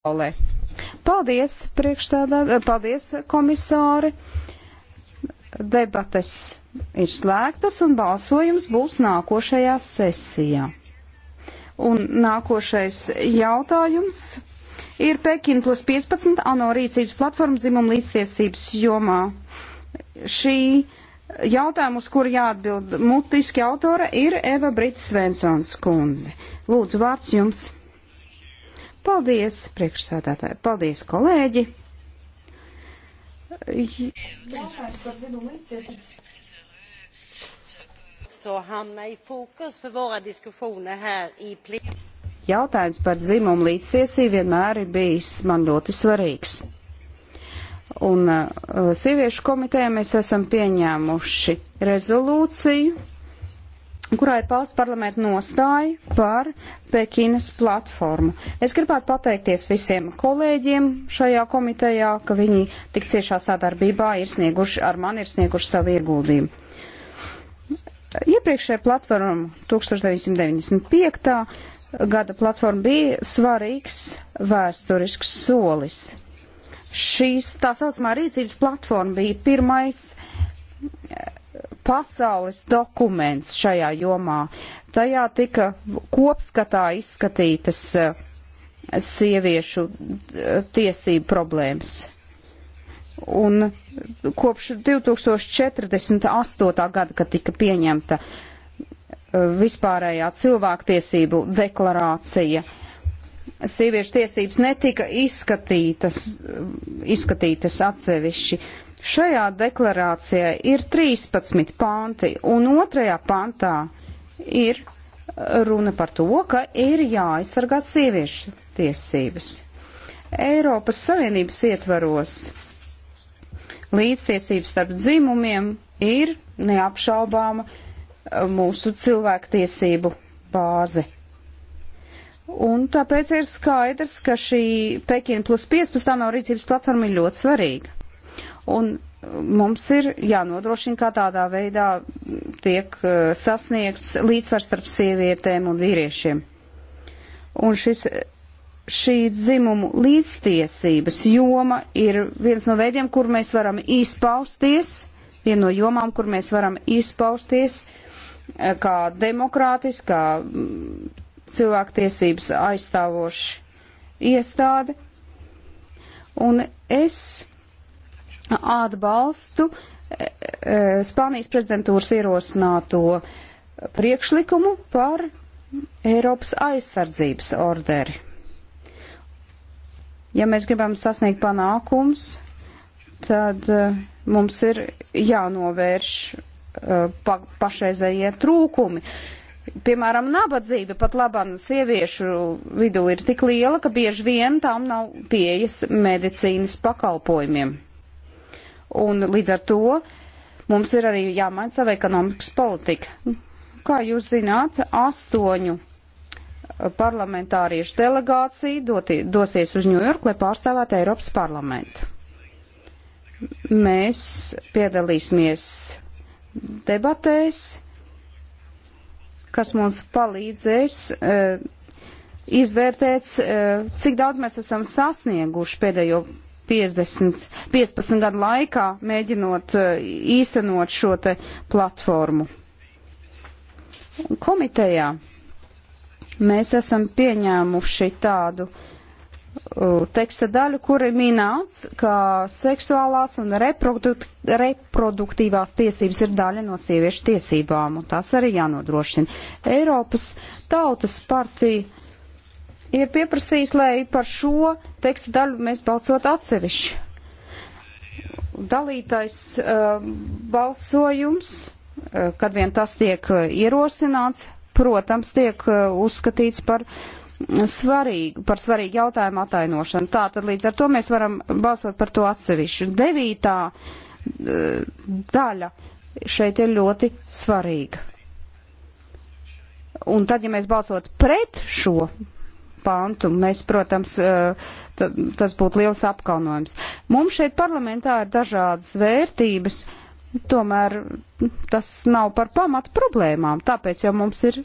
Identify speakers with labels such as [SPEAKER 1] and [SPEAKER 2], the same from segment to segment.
[SPEAKER 1] pasaulē. Paldies, priekšstādā, paldies, komisāri. Debates ir slēgtas un balsojums būs nākošajā sesijā. Un nākošais jautājums ir Pekina plus 15 ANO rīcības platforma dzimuma līdztiesības jomā. Šī jautājuma, uz kuru jāatbild mutiski autora, ir Eva Brits Svensons kundze. Lūdzu, vārds jums. Paldies, priekšsēdētāji. Paldies, kolēģi. Jautājums par dzimumu līdztiesību vienmēr ir bijis man ļoti svarīgs. Un uh, sieviešu komitē mēs esam pieņēmuši rezolūciju kurā ir pausts parlamenta nostāja par Pekinas platformu. Es gribētu pateikties visiem kolēģiem šajā komitejā, ka viņi tik ciešā sadarbībā ir snieguši, ar mani ir snieguši savu ieguldījumu. Iepriekšējā platforma 1995. gada platforma bija svarīgs vēsturisks solis. Šīs tā saucamā rīcības platforma bija pirmais pasaules dokuments šajā jomā. Tajā tika kopskatā izskatītas eh, sieviešu eh, tiesību problēmas. Un kopš 2048. gada, kad tika pieņemta eh, vispārējā cilvēktiesību deklarācija, sieviešu tiesības netika izskatītas, izskatītas atsevišķi Šajā deklarācijā ir 13 panti, un otrajā pantā ir eh, runa par to, ka ir jāaizsargā sieviešu tiesības. Eiropas Savienības ietvaros līdztiesības starp dzimumiem ir neapšaubāma eh, mūsu cilvēktiesību bāze. Un tāpēc ir skaidrs, ka šī Pekina plus 15 no rīcības platforma ir ļoti svarīga un mums ir jānodrošina, kā tādā veidā tiek eh, sasniegts līdzsvars starp sievietēm un vīriešiem. Un šis, šī dzimumu līdztiesības joma ir viens no veidiem, kur mēs varam izpausties, viena no jomām, kur mēs varam izpausties eh, kā demokrātiski, kā mm, cilvēktiesības aizstāvoši iestāde. Un es atbalstu e, e, Spānijas prezidentūras ierosināto priekšlikumu par Eiropas aizsardzības orderi. Ja mēs gribam sasniegt panākums, tad e, mums ir jānovērš pa, pašreizējie trūkumi. Piemēram, nabadzība pat labam sieviešu vidū ir tik liela, ka bieži vien tām nav pieejas medicīnas pakalpojumiem un līdz ar to mums ir arī jāmaina sava ekonomikas politika. Kā jūs zināt, astoņu parlamentāriešu delegācija doti, dosies uz Ņujorku, lai pārstāvētu Eiropas parlamentu. Mēs piedalīsimies debatēs, kas mums palīdzēs e, izvērtēt, e, cik daudz mēs esam sasnieguši pēdējo 50, 15 gadu laikā, mēģinot eh, īstenot šo te platformu. Komitejā mēs esam pieņēmuši tādu uh, teksta daļu, kur ir minēts, ka seksuālās un reprodukt, reproduktīvās tiesības ir daļa no sieviešu tiesībām, un tās arī jānodrošina. Eiropas tautas partija ir pieprasījis, lai par šo teksta daļu mēs balsot atsevišķi. Dalītais uh, balsojums, uh, kad vien tas tiek uh, ierosināts, protams, tiek uh, uzskatīts par svarīgu, par svarīgu jautājumu atainošanu. Tātad līdz ar to mēs varam balsot par to atsevišķu. Devītā uh, daļa šeit ir ļoti svarīga. Un tad, ja mēs balsot pret šo pantu. Mēs, protams, eh, tas būtu liels apkaunojums. Mums šeit parlamentā ir dažādas vērtības, tomēr tas nav par pamatu problēmām, tāpēc jau mums ir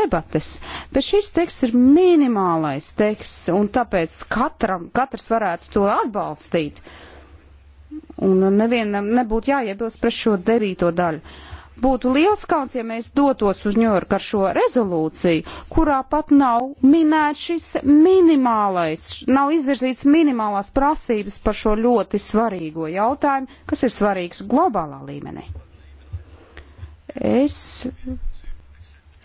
[SPEAKER 1] debates. Bet šis teksts ir minimālais teksts, un tāpēc katram, katrs varētu to atbalstīt. Un nevienam nebūtu jāiebilst pret šo devīto daļu. Būtu liels kauns, ja mēs dotos uz Ņujorku ar šo rezolūciju, kurā pat nav minēts šis minimālais, nav izvirzīts minimālās prasības par šo ļoti svarīgo jautājumu, kas ir svarīgs globālā līmenī. Es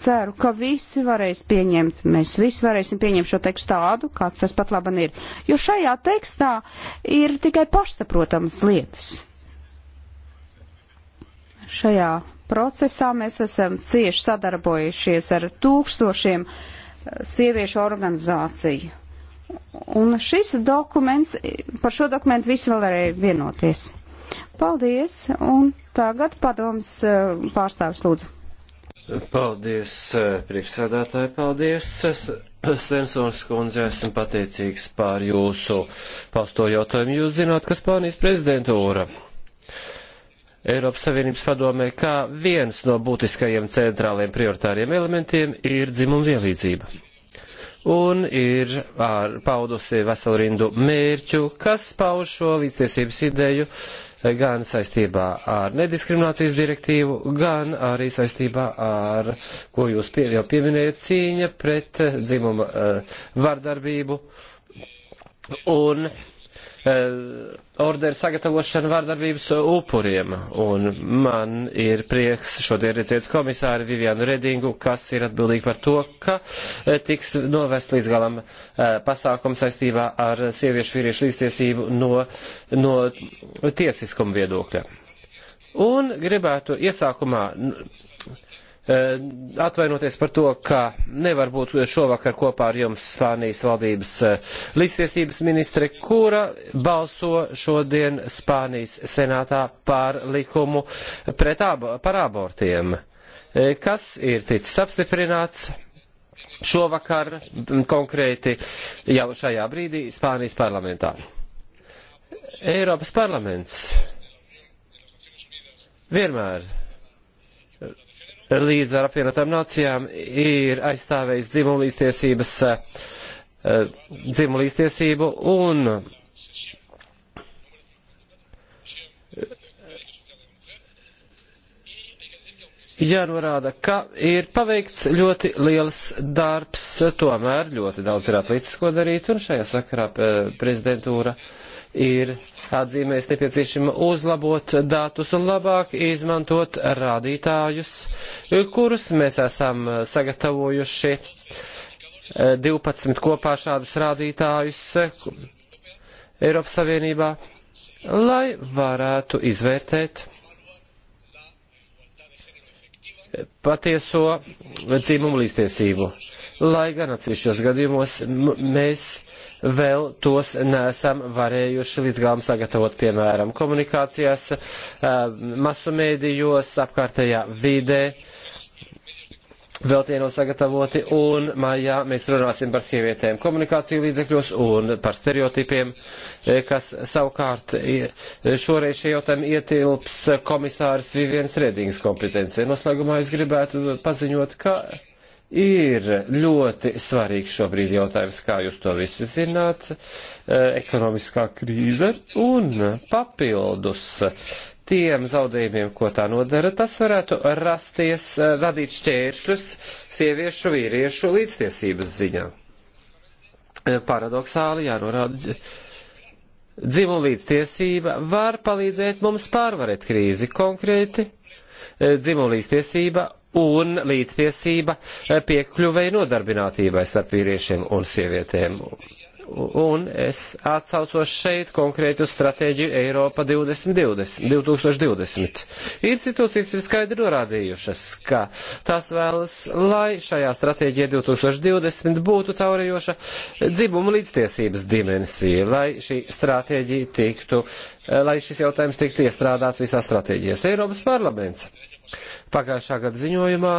[SPEAKER 1] ceru, ka visi varēs pieņemt, mēs visi varēsim pieņemt šo tekstu tādu, kāds tas pat laban ir. Jo šajā tekstā ir tikai pašsaprotamas lietas. Šajā procesā mēs esam cieši sadarbojušies ar tūkstošiem eh, sieviešu organizāciju. Un šis dokuments, par šo dokumentu visi vēl arī vienoties. Paldies, un tagad padoms eh, pārstāvis lūdzu.
[SPEAKER 2] Paldies, eh, priekšsēdētāji, paldies. Es... Svensons kundze, esmu pateicīgs par jūsu pausto jautājumu. Jūs zināt, ka Spānijas prezidentūra Eiropas Savienības padomē, kā viens no būtiskajiem centrāliem prioritāriem elementiem ir dzimuma vienlīdzība. Un ir ar, paudusi veselu rindu mērķu, kas pauž šo līdztiesības ideju gan saistībā ar nediskriminācijas direktīvu, gan arī saistībā ar, ko jūs pie, jau pieminējat, cīņa pret dzimuma uh, vardarbību. Un uh, Eh, orderu sagatavošanu vārdarbības upuriem. Un man ir prieks šodien redzēt komisāru Vivianu Redingu, kas ir atbildīgi par to, ka eh, tiks novest līdz galam eh, pasākums saistībā ar sieviešu vīriešu līdztiesību no, no tiesiskuma viedokļa. Un gribētu iesākumā Eh, atvainoties par to, ka nevar būt šovakar kopā ar jums Spānijas valdības eh, līdztiesības ministre, kura balso šodien Spānijas senātā par likumu pret abo, par abortiem, eh, kas ir ticis apstiprināts šovakar konkrēti jau šajā brīdī Spānijas parlamentā. Eiropas parlaments vienmēr līdz ar apvienotām nācijām ir aizstāvējis dzimumlīstiesības, eh, dzimumlīstiesību un eh, jānorāda, ka ir paveikts ļoti liels darbs, tomēr ļoti daudz ir atlicis, ko darīt, un šajā sakarā eh, prezidentūra uh, ir atzīmējis nepieciešama uzlabot datus un labāk izmantot rādītājus, kurus mēs esam sagatavojuši 12 kopā šādus rādītājus Eiropas Savienībā, lai varētu izvērtēt patieso dzimumu līdztiesību. Lai gan atsevišķos gadījumos mēs vēl tos nesam varējuši līdz galam sagatavot, piemēram, komunikācijās, eh, masu mēdījos, apkārtējā vidē vēl tie nav sagatavoti, un maijā mēs runāsim par sievietēm komunikāciju līdzekļos un par stereotipiem, e, kas savukārt e, šoreiz šie jautājumi ietilps komisārs Vivienas Redīgas kompetencija. Noslēgumā es gribētu paziņot, ka ir ļoti svarīgs šobrīd jautājums, kā jūs to visi zināt, e, ekonomiskā krīze un papildus tiem zaudējumiem, ko tā nodara, tas varētu rasties, eh, radīt šķēršļus sieviešu vīriešu līdztiesības ziņā. Eh, paradoxāli jānorāda. Dzimuma līdztiesība var palīdzēt mums pārvarēt krīzi konkrēti. Eh, dzimuma līdztiesība un līdztiesība piekļuvei nodarbinātībai starp vīriešiem un sievietēm un es atsaucos šeit konkrēti uz stratēģiju Eiropa 2020. 2020. Institūcijas ir skaidri norādījušas, ka tās vēlas, lai šajā stratēģijā 2020 būtu caurējoša dzimuma līdztiesības dimensija, lai šī stratēģija tiktu, lai šis jautājums tiktu iestrādāts visās stratēģijās. Eiropas parlaments pagājušā gada ziņojumā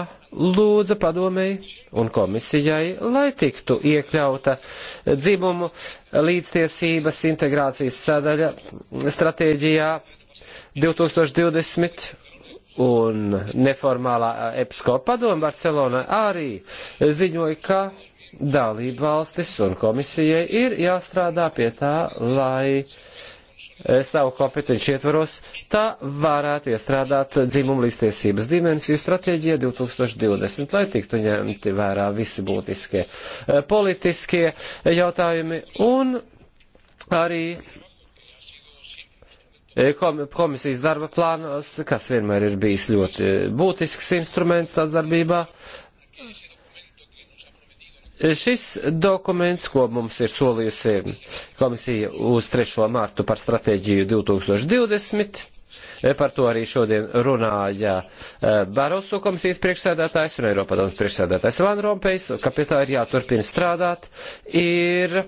[SPEAKER 2] lūdza padomēji un komisijai, lai tiktu iekļauta dzimumu līdztiesības integrācijas sadaļa stratēģijā 2020 un neformālā EPSCO padoma Barcelona arī ziņoja, ka dalību valstis un komisijai ir jāstrādā pie tā, lai uh, Eh, savu kompetenci ietvaros, tā varētu iestrādāt dzimumu līdztiesības dimensiju stratēģijā 2020, lai tiktu ņemti vērā visi būtiskie eh, politiskie jautājumi un arī eh, komisijas darba plānos, kas vienmēr ir bijis ļoti būtisks instruments tās darbībā, Šis dokuments, ko mums ir solījusi komisija uz 3. mārtu par stratēģiju 2020, eh, par to arī šodien runāja eh, Barosu komisijas priekšsēdētājs un Eiropadomas priekšsēdētājs Van Rompējs, ka pie tā ir jāturpina strādāt, ir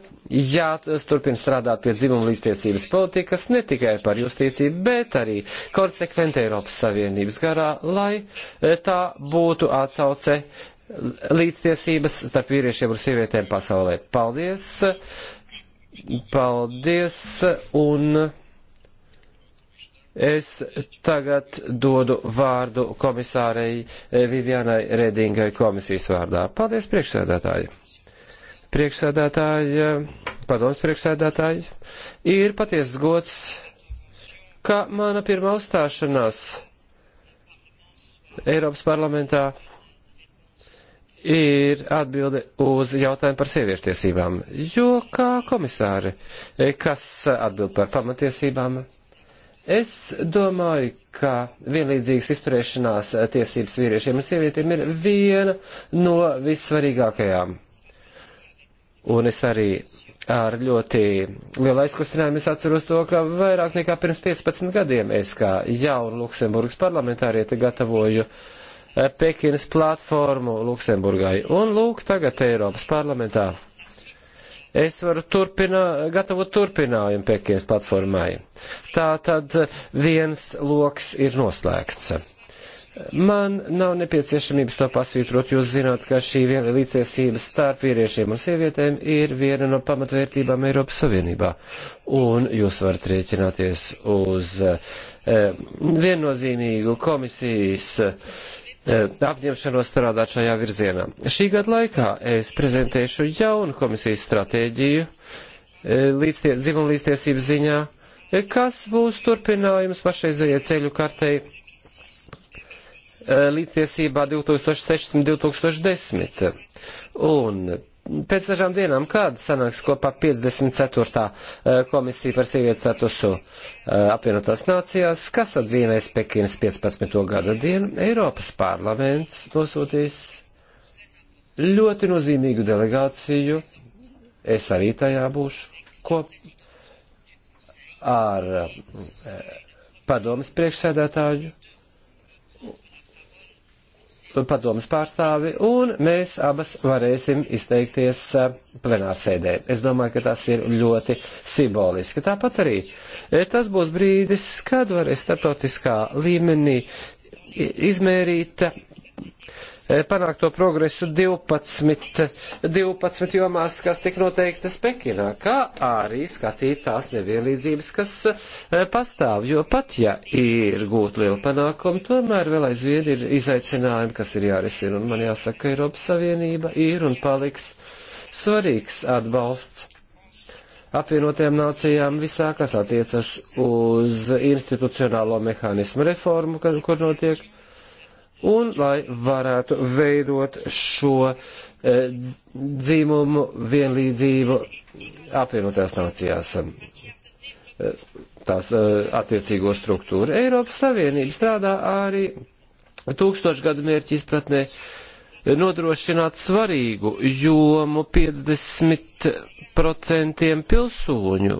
[SPEAKER 2] jāturpina strādāt pie dzimuma līdztiesības politikas, ne tikai par justīciju, bet arī konsekventi Eiropas Savienības garā, lai eh, tā būtu atsauce līdztiesības starp vīriešiem un sievietēm pasaulē. Paldies! Paldies! Un es tagad dodu vārdu komisārei Vivianai Redingai komisijas vārdā. Paldies, priekšsēdētāji! Priekšsēdētāji, padoms priekšsēdētāji, ir patiesas gods, ka mana pirmā uzstāšanās Eiropas parlamentā ir atbilde uz jautājumu par sieviešu tiesībām. Jo kā komisāri, kas atbild par pamatiesībām, es domāju, ka vienlīdzīgas izturēšanās tiesības vīriešiem un sievietēm ir viena no vissvarīgākajām. Un es arī ar ļoti lielu aizkustinājumu es atceros to, ka vairāk nekā pirms 15 gadiem es kā jaunu Luksemburgas parlamentārieti gatavoju uh, Eh, Pekinas platformu Luksemburgai. Un lūk, tagad Eiropas parlamentā. Es varu turpinā, gatavot turpinājumu Pekinas platformai. Tā tad viens loks ir noslēgts. Man nav nepieciešamības to pasvītrot, jūs zināt, ka šī līdztiesība starp vīriešiem un sievietēm ir viena no pamatvērtībām Eiropas Savienībā. Un jūs varat rēķināties uz eh, viennozīmīgu komisijas eh, E, apņemšanos strādāt šajā virzienā. Šī gada laikā es prezentēšu jaunu komisijas stratēģiju e, līdztie, dzimuma līdztiesības ziņā, e, kas būs turpinājums pašreizējai ceļu kartei līdztiesībā 2006-2010. Un pēc dažām dienām, kāda sanāks kopā 54. Eh, komisija par sievietes statusu eh, apvienotās nācijās, kas atzīmēs Pekinas 15. gada dienu, Eiropas parlaments nosūtīs ļoti nozīmīgu delegāciju, es arī tajā būšu, kop ar eh, padomas priekšsēdētāju padomas pārstāvi, un mēs abas varēsim izteikties eh, plenārsēdē. Es domāju, ka tas ir ļoti simboliski. Tāpat arī eh, tas būs brīdis, kad varēs starptautiskā līmenī izmērīt E, panākto progresu 12, 12 jomās, kas tik noteikti Pekinā, kā arī skatīt tās nevienlīdzības, kas e, pastāv, jo pat ja ir gūt lielu panākumu, tomēr vēl aizvien ir izaicinājumi, kas ir jārisina, un man jāsaka, ka Eiropas Savienība ir un paliks svarīgs atbalsts apvienotajām nācijām visā, kas attiecas uz institucionālo mehānismu reformu, kur notiek un lai varētu veidot šo eh, dzīmumu vienlīdzību apvienotās nācijās eh, tās eh, attiecīgo struktūru. Eiropas Savienība strādā arī tūkstošgadu mērķi izpratnē nodrošināt svarīgu jomu 50% pilsoņu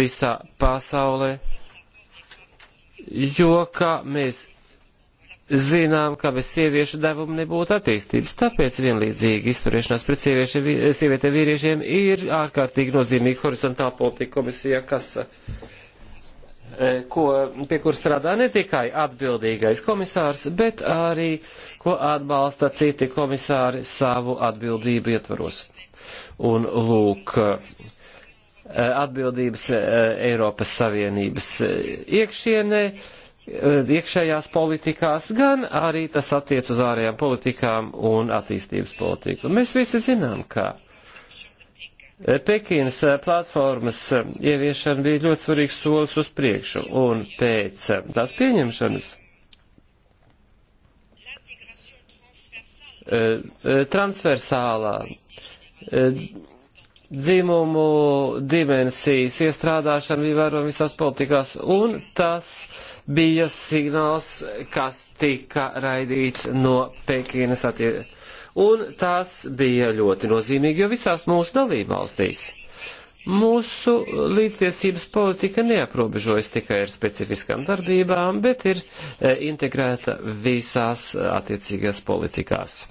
[SPEAKER 2] visā pasaulē jo, kā mēs zinām, ka bez sieviešu devuma nebūtu attīstības. Tāpēc vienlīdzīgi izturēšanās pret sievietēm vīriešiem ir ārkārtīgi nozīmīga horizontāla politika komisija, kas, e, ko, pie kur strādā ne tikai atbildīgais komisārs, bet arī, ko atbalsta citi komisāri savu atbildību ietvaros. Un lūk, Eh, atbildības eh, Eiropas Savienības eh, iekšienē, iekšējās politikās, gan arī tas attiec uz ārējām politikām un attīstības politiku. Mēs visi zinām, ka Pekinas platformas ieviešana bija ļoti svarīgs solis uz priekšu, un pēc tās pieņemšanas transversālā dzimumu dimensijas iestrādāšanu ievērojam visās politikās, un tas bija signāls, kas tika raidīts no Pekinas attiecības. Un tas bija ļoti nozīmīgi, jo visās mūsu dalībvalstīs mūsu līdztiesības politika neaprobežojas tikai ar specifiskām darbībām, bet ir eh, integrēta visās eh, attiecīgās politikās.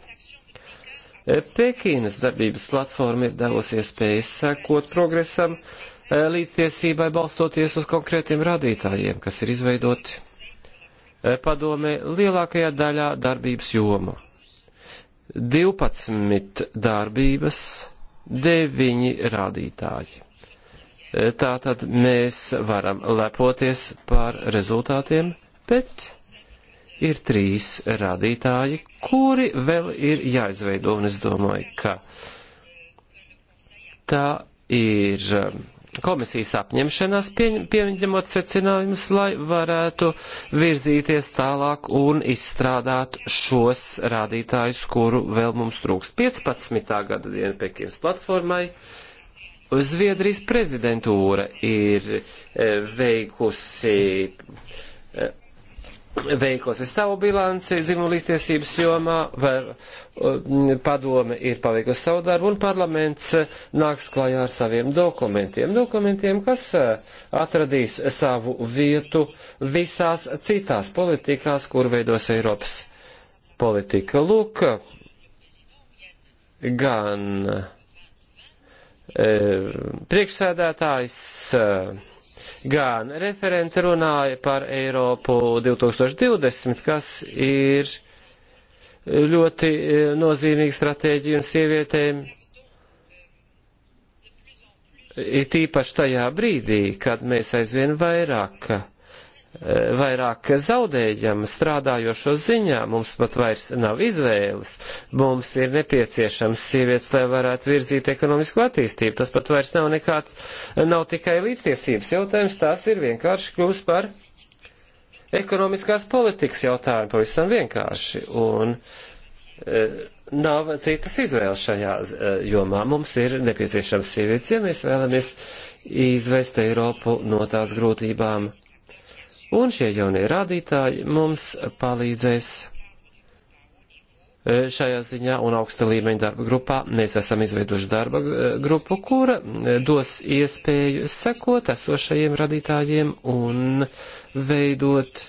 [SPEAKER 2] Eh, Pekīnas darbības platforma ir devusi iespēju sekot progresam eh, līdztiesībai balstoties uz konkrētiem rādītājiem, kas ir izveidoti eh, padomē lielākajā daļā darbības jomu. 12 darbības, 9 rādītāji. Tātad mēs varam lepoties par rezultātiem, bet ir trīs rādītāji, kuri vēl ir jāizveido, un es domāju, ka tā ir um, komisijas apņemšanās pieņemot secinājumus, lai varētu virzīties tālāk un izstrādāt šos rādītājus, kuru vēl mums trūkst. 15. gada diena Pekinas platformai. Zviedrijas prezidentūra ir eh, veikusi eh, veikusi savu bilanci dzimumlīstiesības jomā, vai uh, padome ir paveikusi savu darbu, un parlaments uh, nāks klajā ar saviem dokumentiem. Dokumentiem, kas uh, atradīs savu vietu visās citās politikās, kur veidos Eiropas politika. Lūk, gan e, priekšsēdētājs. E, gan referenti runāja par Eiropu 2020, kas ir ļoti e, nozīmīga stratēģija un sievietēm. Ir tīpaši tajā brīdī, kad mēs aizvien vairāk Eh, vairāk zaudējam strādājošo ziņā, mums pat vairs nav izvēles, mums ir nepieciešams sievietes, lai varētu virzīt ekonomisko attīstību, tas pat vairs nav nekāds, nav tikai līdztiesības jautājums, tas ir vienkārši kļūst par ekonomiskās politikas jautājumu pavisam vienkārši, un e, nav citas izvēles šajā e, jomā, mums ir nepieciešams sievietes, ja mēs vēlamies izvest Eiropu no tās grūtībām Un šie jaunie rādītāji mums palīdzēs e, šajā ziņā un augsta līmeņa darba grupā. Mēs esam izveidojuši darba e, grupu, kura e, dos iespēju sekot esošajiem radītājiem un veidot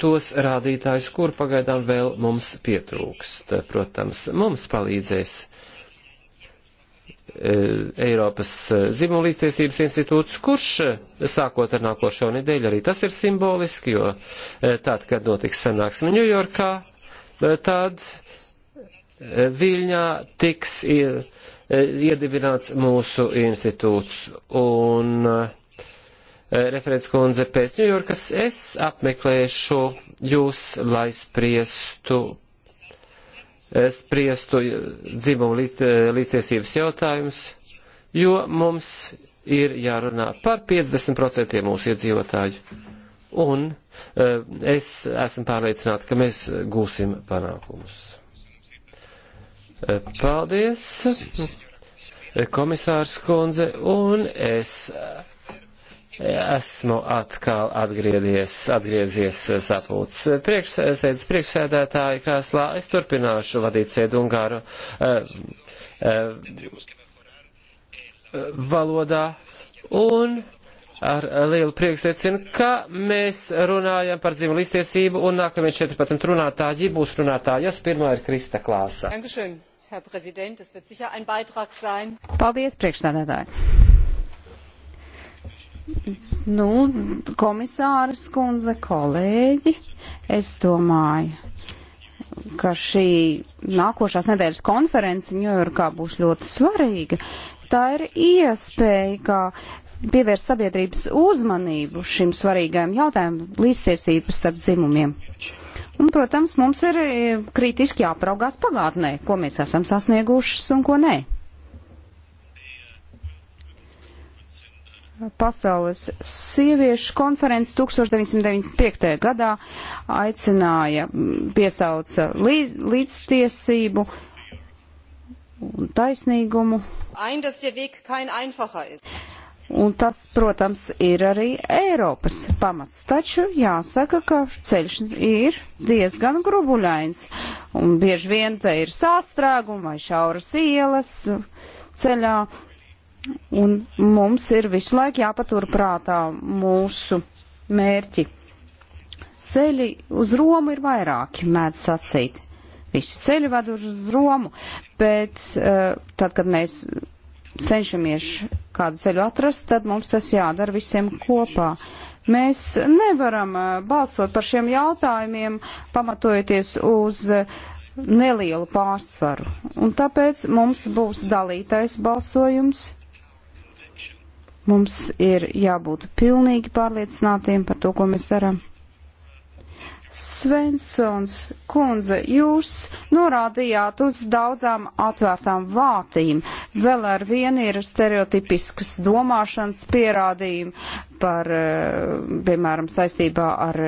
[SPEAKER 2] tos rādītājus, kur pagaidām vēl mums pietrūkst. Protams, mums palīdzēs Eh, Eiropas eh, dzimumlīdztiesības institūts, kurš eh, sākot ar nākošo nedēļu arī tas ir simboliski, jo tad, kad notiks sanāksme Ņujorkā, tad Viļņā tiks iedibināts mūsu institūts. Un referents kundze pēc Ņujorkas es apmeklēšu jūs, lai spriestu spriestu eh, dzimumu līdz, eh, līdztiesības jautājumus, jo mums ir jārunā par 50% mūsu iedzīvotāju. Un eh, es esmu pārliecināta, ka mēs gūsim panākumus. Paldies, komisārs Konze, un es Esmu atkal atgriezies, atgriezies eh, sapulces priekšsēdētāji priekšsēdētāja krēslā. Es turpināšu vadīt sēdu Ungāru uh, uh, valodā. Un ar lielu prieku secinu, ka mēs runājam par dzimumu līdztiesību un nākamie 14 runātāji būs runātājas. Pirmā ir Krista Klāsa. Paldies, priekšstādātāji!
[SPEAKER 1] Nu, komisāras kundze, kolēģi, es domāju, ka šī nākošās nedēļas konference Ņujorkā būs ļoti svarīga. Tā ir iespēja, kā pievērst sabiedrības uzmanību šim svarīgajam jautājumam - līdztiesības starp dzimumiem. Un, protams, mums ir eh, kritiski jāpraugās pagātnē, ko mēs esam sasniegušas un ko nē. Pasaules sieviešu konferences 1995. gadā aicināja, mm, piesauca līdz, līdztiesību un taisnīgumu. Un tas, protams, ir arī Eiropas pamats, taču jāsaka, ka ceļš ir diezgan grubuļains, un bieži vien te ir sāstrēgumi vai šauras ielas ceļā, Un mums ir visu laiku jāpatur prātā mūsu mērķi. Ceļi uz Romu ir vairāki, mēdz sacīt. Visi ceļi ved uz Romu, bet uh, tad, kad mēs cenšamies kādu ceļu atrast, tad mums tas jādara visiem kopā. Mēs nevaram eh, balsot par šiem jautājumiem, pamatojoties uz eh, nelielu pārsvaru. Un tāpēc mums būs dalītais balsojums. Mums ir jābūt pilnīgi pārliecinātiem par to, ko mēs darām. Svensons kundze, jūs norādījāt uz daudzām atvērtām vātīm. Vēl ar vienu ir stereotipiskas domāšanas pierādījumi par, eh, piemēram, saistībā ar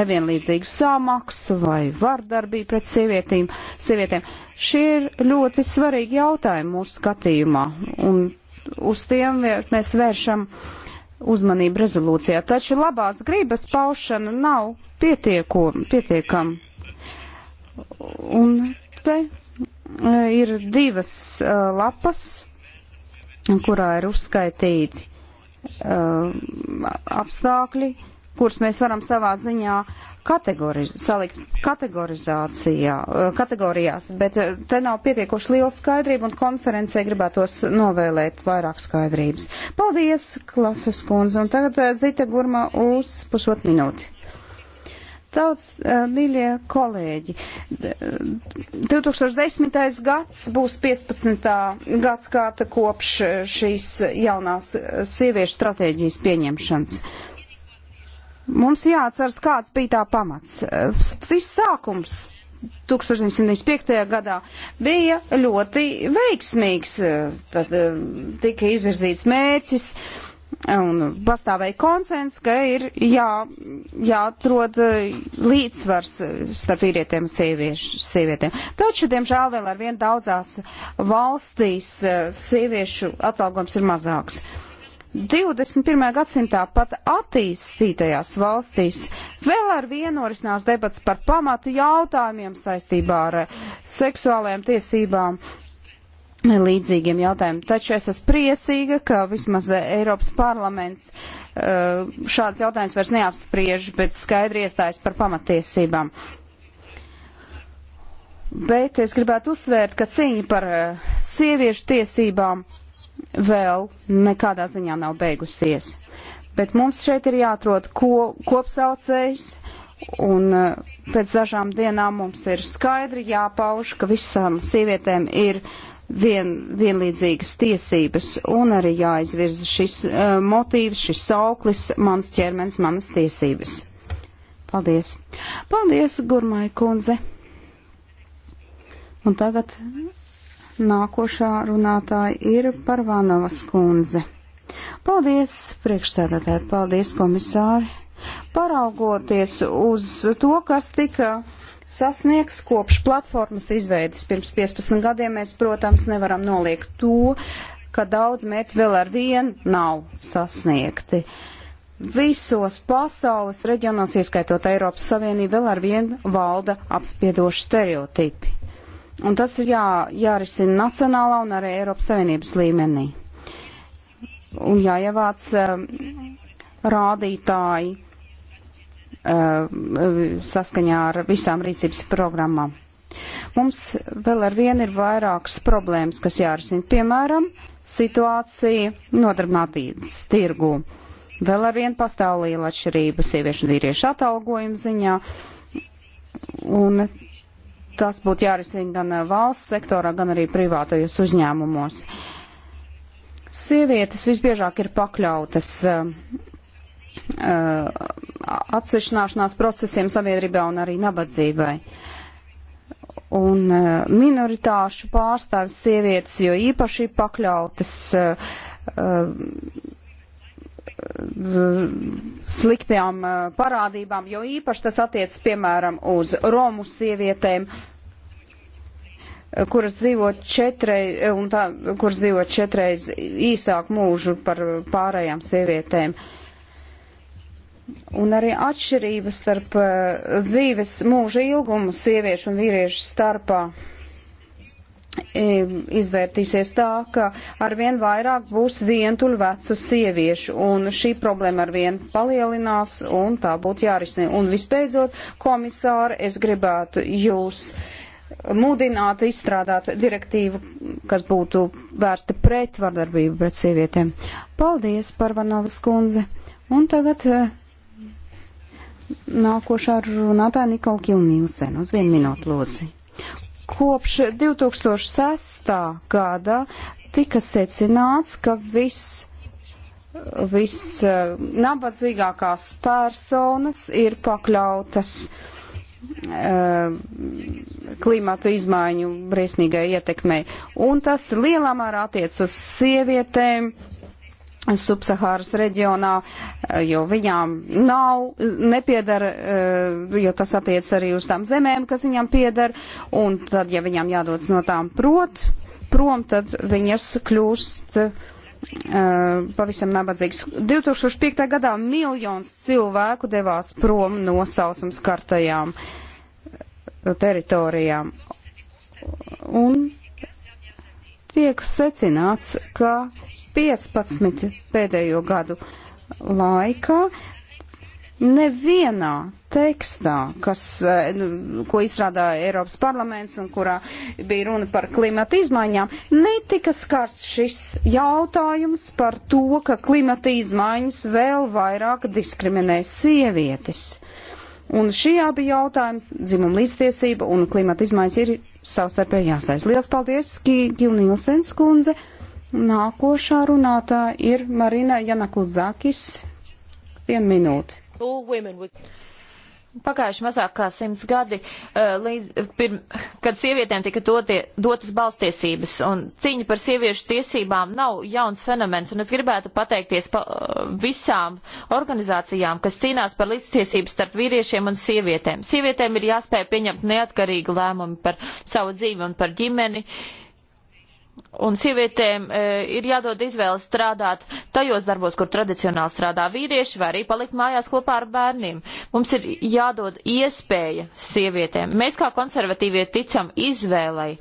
[SPEAKER 1] nevienlīdzīgu samaksu vai vardarbību pret sievietēm. Šie ir ļoti svarīgi jautājumi mūsu skatījumā, un uz tiem mēs vēršam uzmanību rezolūcijā. Taču labās gribas paušana nav pietiekama. Un te e, ir divas uh, lapas, kurā ir uzskaitīti uh, apstākļi, uh, kurus mēs varam savā ziņā kategoriz salikt kategorizācijā, eh, kategorijās, bet eh, te nav pietiekoši liela skaidrība un konferencē gribētos novēlēt vairāk skaidrības. Paldies, klases kundze, un tagad eh, Zita Gurma uz pusot minūti. Daudz, mīļie kolēģi, 2010. gads būs 15. gads kārta kopš šīs jaunās sieviešu stratēģijas pieņemšanas. Uh, Mums jāatceras, kāds bija tā pamats. Viss sākums 1905. gadā bija ļoti veiksmīgs. Tad um, tika izvirzīts mērķis un pastāvēja konsens, ka ir jā, jāatrod uh, līdzsvars uh, starp vīrietiem un sieviešu, sievietēm. Taču, diemžēl, vēl ar vien daudzās valstīs uh, sieviešu atalgojums ir mazāks. Uh, 21. gadsimtā pat attīstītajās valstīs vēl ar vienorisnās debats par pamatu jautājumiem saistībā ar eh, seksuālajām tiesībām līdzīgiem jautājumiem. Taču es esmu priecīga, ka vismaz eh, Eiropas parlaments eh, šāds jautājums vairs neapspriež, bet skaidri iestājas par pamatiesībām. Bet es gribētu uzsvērt, ka cīņa par sieviešu tiesībām vēl nekādā ziņā nav beigusies. Bet mums šeit ir jāatrod ko, kopsaucējs, un eh, pēc dažām dienām mums ir skaidri jāpauž, ka visām sievietēm ir vien, vienlīdzīgas tiesības, un arī jāizvirza šis uh, motīvs, šis sauklis, mans ķermenis, manas tiesības. Paldies! Paldies, Gurmai kundze! Un tagad Nākošā runātāja ir Parvānavas kundze. Paldies, priekšsēdētāji, paldies, komisāri. Paraugoties uz to, kas tika sasniegs kopš platformas izveidas pirms 15 gadiem, mēs, protams, nevaram noliegt to, ka daudz mērķi vēl ar vienu nav sasniegti. Visos pasaules reģionos, ieskaitot Eiropas Savienību, vēl ar vienu valda apspiedoši stereotipi. Un tas ir jā, jārisina nacionālā un arī Eiropas Savienības līmenī. Un jāievāc um, rādītāji um, saskaņā ar visām rīcības programmām. Mums vēl ar vienu ir vairākas problēmas, kas jārisina. Piemēram, situācija nodarbinātības tirgū. Vēl ar vienu pastāv liela atšķirība sieviešu un vīriešu atalgojumu ziņā. Un tas būtu jārisina gan valsts sektorā, gan arī privātajos uzņēmumos. Sievietes visbiežāk ir pakļautas uh, atsevišķināšanās procesiem sabiedrībā un arī nabadzībai. Un uh, minoritāšu pārstāvis sievietes jo īpaši pakļautas uh, sliktām eh, parādībām, jo īpaši tas attiec, piemēram, uz Romu sievietēm, kuras dzīvo četreiz, un tā, kuras dzīvo četreiz īsāk mūžu par pārējām sievietēm. Un arī atšķirības starp eh, dzīves mūža ilgumu sieviešu un vīriešu starpā. Uh, E, izvērtīsies tā, ka arvien vairāk būs vientuļu vecu sieviešu, un šī problēma arvien palielinās, un tā būtu jārisina. Un visbeidzot, komisāri, es gribētu jūs mudināt izstrādāt direktīvu, kas būtu vērsta pret vardarbību pret sievietēm. Paldies, Parvanovas kundze. Un tagad e, nākošā runātāja Nikola Kilnīlsen uz vienu minūtu lūdzu. Kopš 2006. gada tika secināts, ka viss visnabadzīgākās eh, uh, personas ir pakļautas uh, klimatu izmaiņu briesmīgai ietekmei. Un tas lielā mērā attiec uz sievietēm, Subsahāras reģionā, eh, jo viņām nav, nepiedara, eh, jo tas attiec arī uz tām zemēm, kas viņām piedara, un tad, ja viņām jādodas no tām prot, prom, tad viņas kļūst eh, pavisam nabadzīgs. 2005. gadā miljons cilvēku devās prom no sausums kartajām teritorijām. Un tiek secināts, ka 15 pēdējo gadu laikā nevienā tekstā, kas, eh, nu, ko izstrādāja Eiropas parlaments un kurā bija runa par klimata izmaiņām, netika skars šis jautājums par to, ka klimata izmaiņas vēl vairāk diskriminē sievietes. Un šie abi jautājums, dzimuma līdztiesība un klimata izmaiņas, ir savstarpēji jāsaist. Lielas paldies, Kīgil Nilsens kundze! Nākošā runātā ir Marina Janakudzakis. Vienu
[SPEAKER 3] minūti. Pagājuši mazāk kā simts gadi, eh, līdz, eh, pirm, kad sievietēm tika dotie, dotas balstiesības, un cīņa par sieviešu tiesībām nav jauns fenomens, un es gribētu pateikties pa, eh, visām organizācijām, kas cīnās par līdztiesības starp vīriešiem un sievietēm. Sievietēm ir jāspēj pieņemt neatkarīgi lēmumi par savu dzīvi un par ģimeni. Uh, un sievietēm e, ir jādod izvēle strādāt tajos darbos, kur tradicionāli strādā vīrieši, vai arī palikt mājās kopā ar bērniem. Mums ir jādod iespēja sievietēm. Mēs kā konservatīvie ticam izvēlei.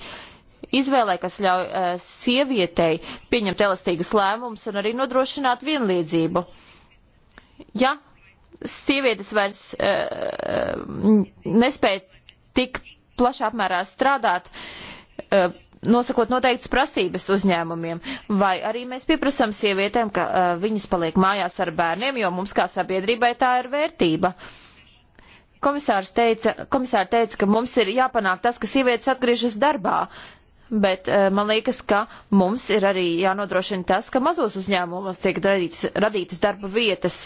[SPEAKER 3] Izvēlē, kas ļauj uh, e, sievietei pieņemt elastīgus lēmumus un arī nodrošināt vienlīdzību. Ja sievietes vairs uh, e, e nespēja tik plašā apmērā strādāt, uh, nosakot noteiktas prasības uzņēmumiem, vai arī mēs pieprasām sievietēm, ka uh, viņas paliek mājās ar bērniem, jo mums kā sabiedrībai tā ir vērtība. Komisārs teica, komisāri teica, ka mums ir jāpanāk tas, ka sievietes atgriežas darbā, bet uh, man liekas, ka mums ir arī jānodrošina tas, ka mazos uzņēmumos tiek radītas, radītas darba vietas.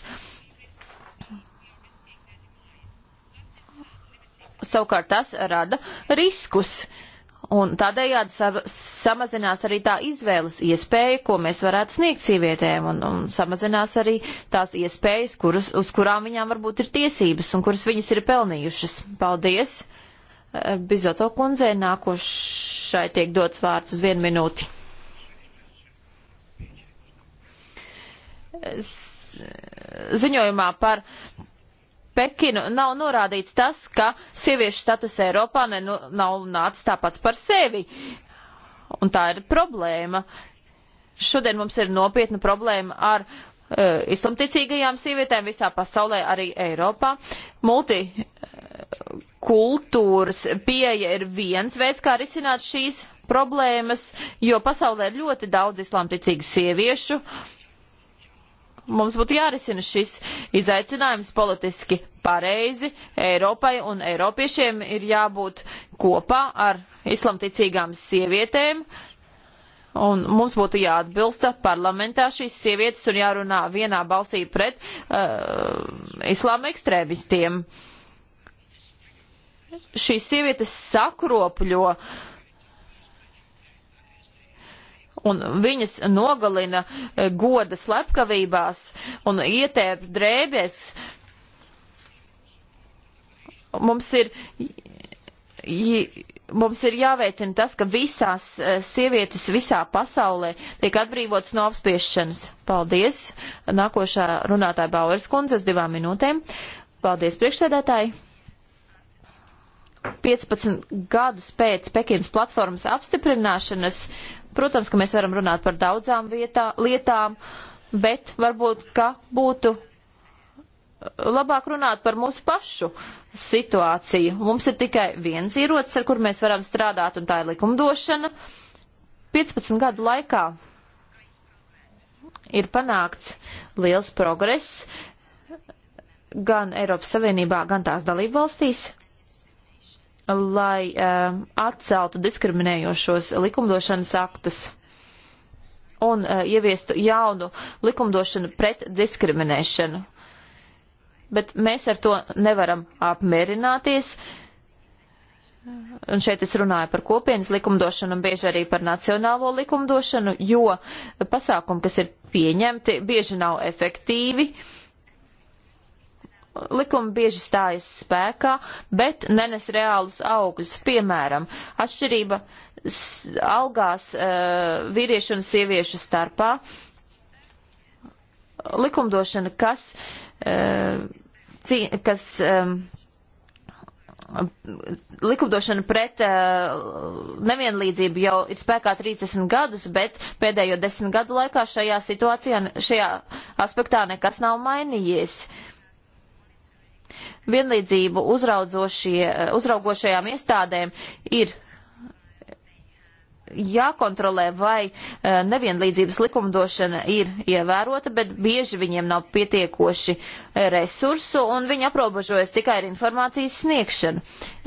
[SPEAKER 3] Savukārt tas rada riskus. Uh, un tādējādi sa samazinās arī tā izvēles iespēja, ko mēs varētu sniegt sievietēm, un, un samazinās arī tās iespējas, kuras, uz kurām viņām varbūt ir tiesības un kuras viņas ir pelnījušas. Paldies! Eh, Bizoto kundzē nākošai tiek dots vārds uz vienu minūti. Z eh, ziņojumā par Pekinu nav norādīts tas, ka sieviešu status Eiropā ne, nu, nav nācis tāpats par sevi. Un tā ir problēma. Šodien mums ir nopietna problēma ar uh, islamticīgajām sievietēm visā pasaulē, arī Eiropā. Multi uh, kultūras pieeja ir viens veids, kā risināt šīs problēmas, jo pasaulē ir ļoti daudz islamticīgu sieviešu. Uh, mums būtu jārisina šis izaicinājums politiski pareizi. Eiropai un Eiropiešiem ir jābūt kopā ar islamticīgām sievietēm. Un mums būtu jāatbilsta parlamentā šīs sievietes un jārunā vienā balsī pret uh, islāma ekstrēmistiem. Šīs sievietes sakropļo uh, un viņas nogalina e, goda slepkavībās un ietēp drēbēs. Mums ir, mums ir jāveicina tas, ka visās e, sievietes visā pasaulē tiek atbrīvotas no apspiešanas. Paldies! Nākošā runātāja Bauers kundze uz divām minūtēm. Paldies, priekšsēdētāji! 15 gadus pēc Pekinas platformas apstiprināšanas uh, Protams, ka mēs varam runāt par daudzām vietā, lietām, bet varbūt, ka būtu labāk runāt par mūsu pašu situāciju. Mums ir tikai viens ierocis, ar kur mēs varam strādāt, un tā ir likumdošana. 15 gadu laikā ir panākts liels progress gan Eiropas Savienībā, gan tās dalību valstīs lai uh, atceltu diskriminējošos likumdošanas aktus un uh, ieviestu jaunu likumdošanu pret diskriminēšanu. Bet mēs ar to nevaram apmierināties. Un šeit es runāju par kopienas likumdošanu un bieži arī par nacionālo likumdošanu, jo pasākumi, kas ir pieņemti, bieži nav efektīvi. Uh, likumi bieži stājas spēkā, bet nenes reālus augļus. Piemēram, atšķirība algās uh, vīriešu un sieviešu starpā, likumdošana, kas, uh, cī, kas um, likumdošana pret uh, nevienlīdzību jau ir spēkā 30 gadus, bet pēdējo desmit gadu laikā šajā situācijā, šajā aspektā nekas nav mainījies. Uh, Vienlīdzību eh, uzraugošajām iestādēm ir jākontrolē, vai eh, nevienlīdzības likumdošana ir ievērota, bet bieži viņiem nav pietiekoši resursu un viņi aprobežojas tikai ar informācijas sniegšanu.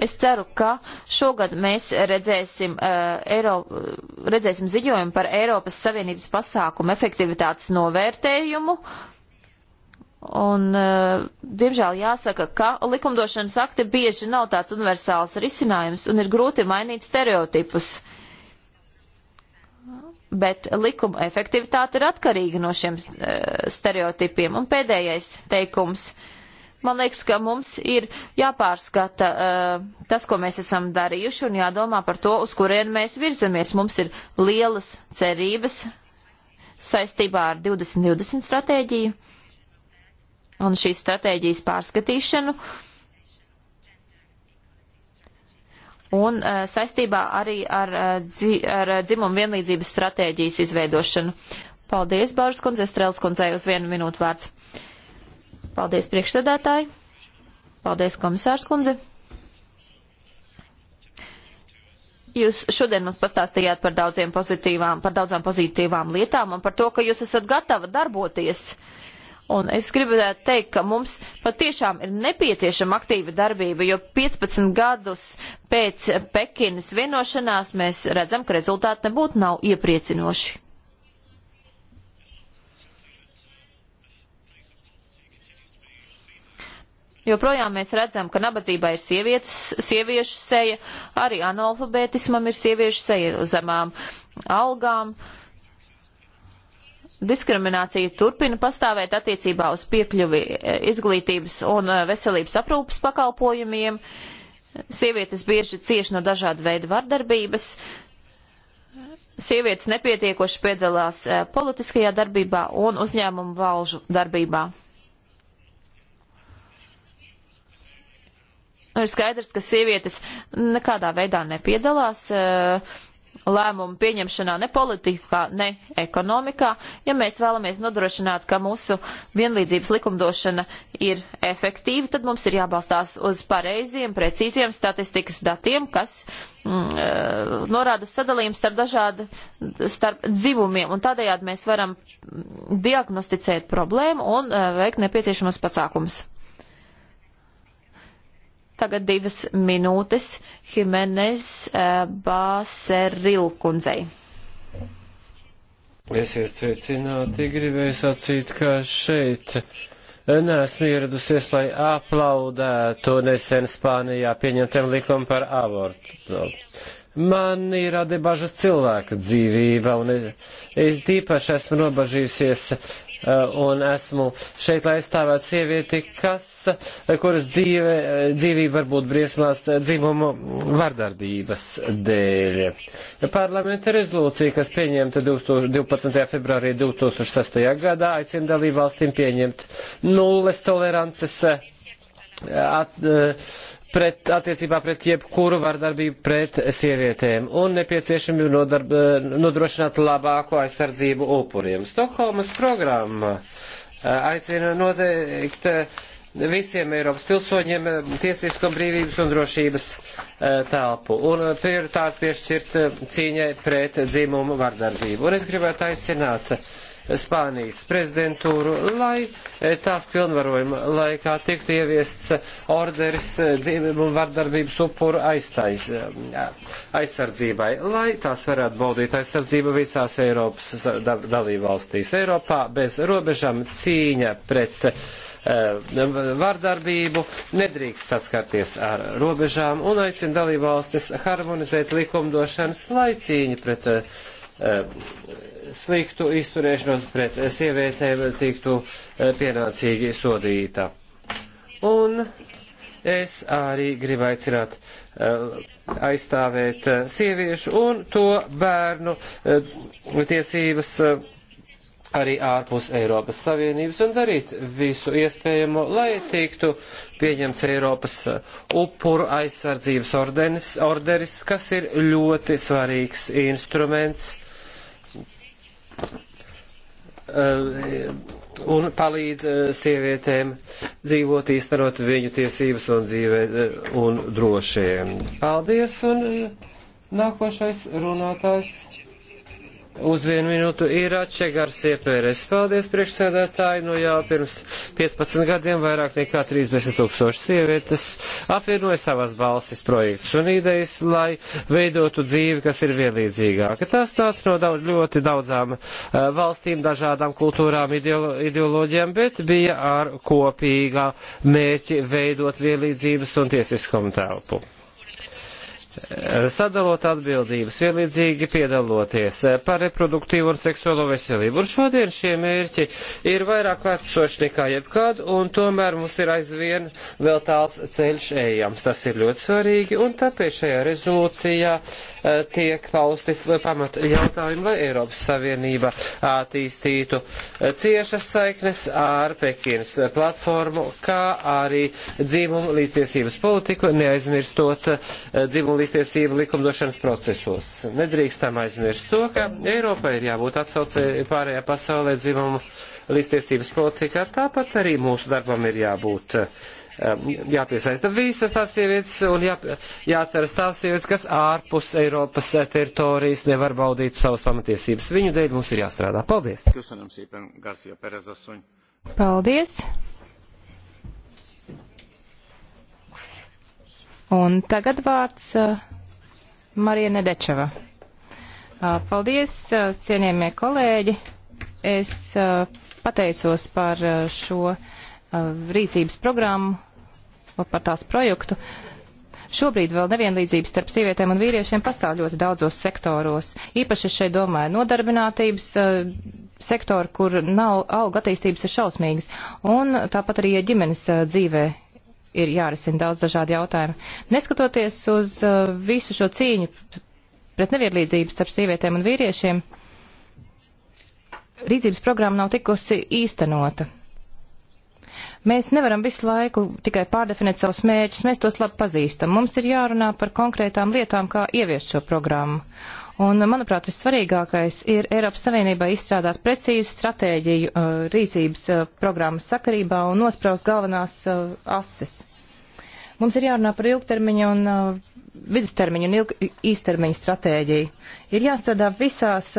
[SPEAKER 3] Es ceru, ka šogad mēs redzēsim, uh, Eiro, redzēsim ziņojumu par Eiropas Savienības pasākumu efektivitātes novērtējumu. Uh, Un, eh, diemžēl jāsaka, ka likumdošanas akti bieži nav tāds universāls risinājums un ir grūti mainīt stereotipus. Bet likuma efektivitāte ir atkarīga no šiem eh, stereotipiem. Un pēdējais teikums. Man liekas, ka mums ir jāpārskata uh, tas, ko mēs esam darījuši, un jādomā par to, uz kurien mēs virzamies. Mums ir lielas cerības saistībā ar 2020 stratēģiju un šīs stratēģijas pārskatīšanu. Un uh, saistībā arī ar, uh, dzi, ar uh, dzimumu vienlīdzības stratēģijas izveidošanu. Paldies, Bāžas kundze, Strēls kundzei uz vienu minūtu vārds. Paldies, priekšsēdētāji. Paldies, komisārs kundze. Jūs šodien mums pastāstījāt par, pozitīvām, par daudzām pozitīvām lietām un par to, ka jūs esat gatava darboties. Uh, Un es gribētu teikt, ka mums patiešām ir nepieciešama aktīva darbība, jo 15 gadus pēc Pekinas vienošanās mēs redzam, ka rezultāti nebūtu nav iepriecinoši. Joprojām mēs redzam, ka nabadzībā ir sievietes, sieviešu seja, arī analfabētismam ir sieviešu seja uz zemām algām. Uh, diskriminācija turpina pastāvēt attiecībā uz piekļuvi e, izglītības un e, veselības aprūpas pakalpojumiem. Sievietes bieži cieši no dažāda veida vardarbības. Sievietes nepietiekoši piedalās e, politiskajā darbībā un uzņēmumu valžu darbībā. Ir skaidrs, ka sievietes nekādā veidā nepiedalās uh, lēmumu pieņemšanā, ne politikā, ne ekonomikā, ja mēs vēlamies nodrošināt, ka mūsu vienlīdzības likumdošana ir efektīva, tad mums ir jābalstās uz pareiziem, precīziem statistikas datiem, kas mm, eh, norāda sadalījumu starp dažādi, starp dzimumiem, un tādējādi mēs varam diagnosticēt problēmu un eh, veikt nepieciešamas pasākumus. Tagad divas minūtes Jimenez eh, Bāseril kundzei.
[SPEAKER 2] Esiet sveicināti, gribēju sacīt, ka šeit neesmu ieradusies, lai aplaudētu nesen Spānijā pieņemtiem likumu par abortu. Man ir rada bažas cilvēka dzīvība, un es tīpaši esmu nobažījusies Eh, un esmu šeit, lai aizstāvētu sievieti, kas, eh, kuras dzīve, eh, dzīvība var būt briesmās dzimumu vardarbības dēļ. Parlamenta rezolūcija, kas pieņemta 12. februārī 2006. gadā, aicina dalībvalstīm pieņemt nulles tolerances at, pret, attiecībā pret jebkuru vardarbību pret sievietēm un nepieciešami nodarb, eh, nodrošināt labāko aizsardzību upuriem. Stokholmas programma eh, aicina noteikt eh, visiem Eiropas pilsoņiem tiesisko brīvības un drošības telpu un prioritāti piešķirt cīņai pret dzimumu vardarbību. Un es gribētu aicināt Spānijas prezidentūru, lai eh, tās pilnvarojuma laikā tiktu ieviests orderis eh, dzīvību un vardarbības upuru aiztais, eh, aizsardzībai, lai tās varētu baudīt aizsardzību visās Eiropas dalībvalstīs. Eiropā bez robežām cīņa pret vardarbību, nedrīkst saskarties ar robežām un aicina dalībvalstis harmonizēt likumdošanas, lai cīņa pret uh, sliktu izturēšanos pret sievietēm tiktu eh, pienācīgi sodīta. Un es arī gribu aicināt eh, aizstāvēt eh, sieviešu un to bērnu tiesības arī ārpus Eiropas Savienības un darīt visu iespējamo, lai tiktu pieņemts Eiropas upuru aizsardzības ordenis, orderis, kas ir ļoti svarīgs instruments Uh, un palīdz uh, sievietēm dzīvot, īstenot viņu tiesības un dzīvē uh, un drošiem. Paldies, un nākošais runātājs Uz vienu minūtu ir atšķegars iepērēs. Paldies, priekšsēdētāji. Nu jā, pirms 15 gadiem vairāk nekā 30 tūkstoši sievietes apvienoja savas balsis projektus un idejas, lai veidotu dzīvi, kas ir vienlīdzīgāka. Tas nāca no daudz, ļoti daudzām eh, valstīm, dažādām kultūrām, ideolo, ideoloģijām, bet bija ar kopīgā mērķi veidot vienlīdzības un tiesiskumu telpu sadalot atbildības, vienlīdzīgi piedaloties par reproduktīvu un seksuālo veselību. Un šodien šie mērķi ir vairāk klātsoši nekā jebkad, un tomēr mums ir aizvien vēl tāls ceļš ejams. Tas ir ļoti svarīgi, un tāpēc šajā rezolūcijā eh, tiek pausti pamat jautājumi, lai Eiropas Savienība attīstītu eh, ciešas saiknes ar Pekinas platformu, kā arī dzimumu līdztiesības politiku, neaizmirstot eh, dzimumu līdztiesības līdztiesību likumdošanas procesos. Nedrīkstam aizmirst to, ka Eiropai ir jābūt atsaucē pārējā pasaulē dzimumu līdztiesības politikā, tāpat arī mūsu darbam ir jābūt um, jāpiesaista visas tās sievietes un jā, jāceras tās sievietes, kas ārpus Eiropas teritorijas nevar baudīt savas pamatiesības. Viņu dēļ mums ir jāstrādā. Paldies! Paldies!
[SPEAKER 4] Un tagad vārds uh, Marija Nedečeva. Uh, paldies, uh, cienījamie kolēģi. Es pateicos par šo rīcības programmu, par tās projektu. Šobrīd vēl nevienlīdzības starp sievietēm un vīriešiem pastāv ļoti daudzos sektoros. Īpaši šeit domāju nodarbinātības uh, sektoru, kur nav alga attīstības ir šausmīgas. Un tāpat arī ģimenes uh, dzīvē ir jārisina daudz dažādi jautājumi. Neskatoties uz uh, visu šo cīņu pret nevienlīdzību starp sievietēm un vīriešiem, rīcības programma nav tikusi īstenota. Mēs nevaram visu laiku tikai pārdefinēt savus mērķus, mēs tos labi pazīstam. Mums ir jārunā par konkrētām lietām, kā ieviest šo programmu. Un, manuprāt, vissvarīgākais ir Eiropas Savienībai izstrādāt precīzu stratēģiju uh, rīcības uh, programmas sakarībā un nospraust galvenās uh, ases. Mums ir jārunā par ilgtermiņu un vidustermiņu un ilg, īstermiņu stratēģiju. Ir jāstrādā visās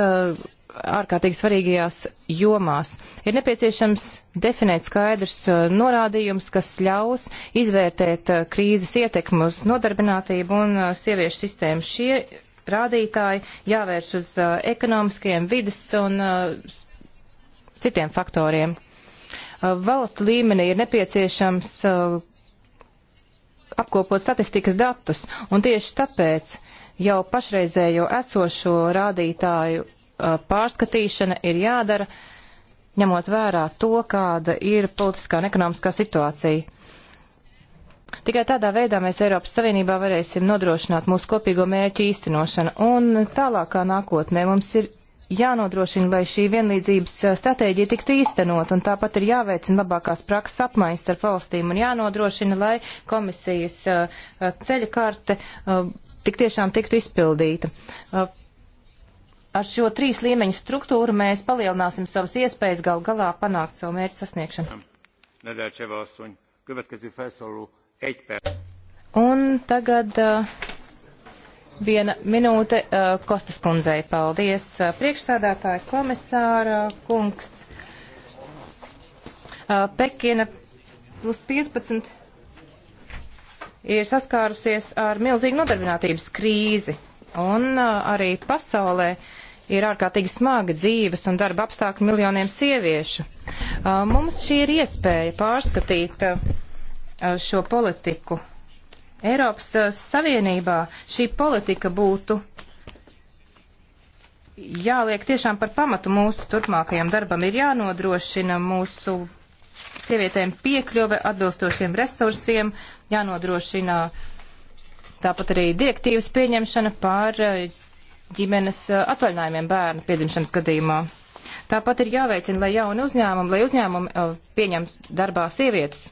[SPEAKER 4] ārkārtīgi svarīgajās jomās. Ir nepieciešams definēt skaidrs norādījums, kas ļaus izvērtēt krīzes ietekmu uz nodarbinātību un sieviešu sistēmu. Šie rādītāji, jāvērš uz uh, ekonomiskiem, vidas un uh, citiem faktoriem. Uh, valstu līmenī ir nepieciešams uh, apkopot statistikas datus, un tieši tāpēc jau pašreizējo esošo rādītāju uh, pārskatīšana ir jādara, ņemot vērā to, kāda ir politiskā un ekonomiskā situācija. Tikai tādā veidā mēs Eiropas Savienībā varēsim nodrošināt mūsu kopīgo mērķu īstenošanu. Un tālākā nākotnē mums ir jānodrošina, lai šī vienlīdzības stratēģija tiktu īstenot, un tāpat ir jāveicina labākās prakses apmaiņas starp valstīm, un jānodrošina, lai komisijas ceļa karte tik tiešām tiktu izpildīta. Ar šo trīs līmeņu struktūru mēs palielināsim savas iespējas gal galā panākt savu mērķu sasniegšanu.
[SPEAKER 2] Nedēļ Čevā, Következő felszóló
[SPEAKER 4] Un tagad uh, viena minūte uh, Kostas kundzei. Paldies, uh, priekšsādātāja komisāra kungs. Uh, Pekina plus 15 ir saskārusies ar milzīgu nodarbinātības krīzi. Un uh, arī pasaulē ir ārkārtīgi smaga dzīves un darba apstākļi miljoniem sieviešu. Uh, mums šī ir iespēja pārskatīt Uh, šo politiku. Eiropas uh, Savienībā šī politika būtu jāliek tiešām par pamatu mūsu turpmākajam darbam. Ir jānodrošina mūsu sievietēm piekļuve atbilstošiem resursiem, jānodrošina tāpat arī direktīvas pieņemšana pār uh, ģimenes atvaļinājumiem bērnu piedzimšanas gadījumā. Tāpat ir jāveicina, lai jauni uzņēmumi, lai uzņēmumi pieņem darbā sievietes.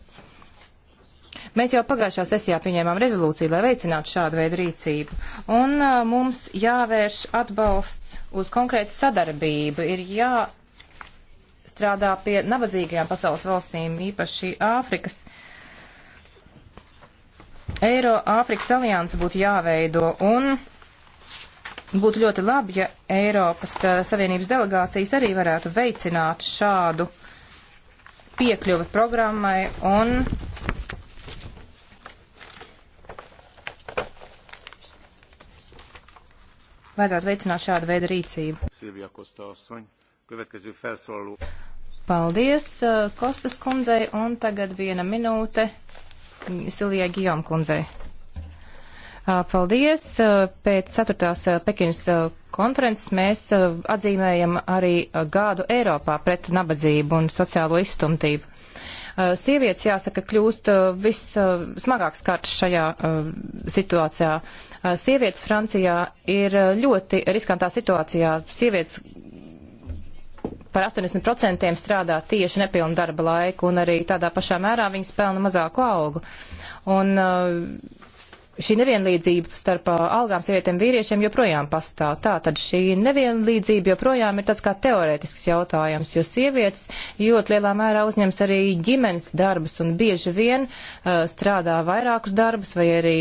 [SPEAKER 4] Mēs jau pagājušā sesijā pieņēmām rezolūciju, lai veicinātu šādu veidu rīcību. Un uh, mums jāvērš atbalsts uz konkrētu sadarbību. Ir jāstrādā pie nabadzīgajām pasaules valstīm, īpaši Āfrikas. Eiro Āfrikas alianse būtu jāveido un būtu ļoti labi, ja Eiropas uh, Savienības delegācijas arī varētu veicināt šādu piekļuvi programmai un vajadzētu veicināt šādu veidu rīcību.
[SPEAKER 2] Silvija Kostāsoņ, következő felszólaló.
[SPEAKER 4] Paldies uh, Kostas kundzei un tagad viena minūte Silvijai Gijom kundzei. Uh, paldies. Uh, pēc 4. Uh, Pekinas uh, konferences mēs uh, atzīmējam arī gādu Eiropā pret nabadzību un sociālo izstumtību. Eh, sievietes, jāsaka, kļūst eh, vissmagāk skarts šajā eh, situācijā. Sievietes Francijā ir ļoti riskantā situācijā. Sievietes par 80% strādā tieši nepilnu darba laiku, un arī tādā pašā mērā viņas pelna mazāku algu. Un, uh, šī nevienlīdzība starp algām sievietēm vīriešiem joprojām pastāv. Tā tad šī nevienlīdzība joprojām ir tāds kā teorētisks jautājums, jo sievietes ļoti lielā mērā uzņems arī ģimenes darbus un bieži vien uh, strādā vairākus darbus vai arī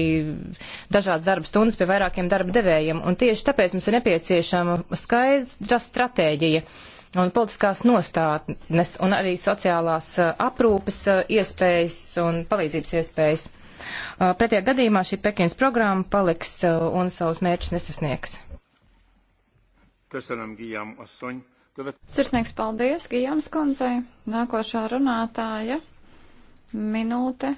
[SPEAKER 4] dažādas darba stundas pie vairākiem darba devējiem. Un tieši tāpēc mums ir nepieciešama skaidra stratēģija. Un politiskās nostātnes un arī sociālās uh, aprūpes uh, iespējas un palīdzības iespējas. Uh, pretējā gadījumā šī Pekinas programma paliks uh, un savus
[SPEAKER 5] mērķus nesasniegs.
[SPEAKER 6] Köszönöm, Gijām, asszony.
[SPEAKER 5] Sirsnieks paldies Gijams kundzei. Nākošā runātāja minūte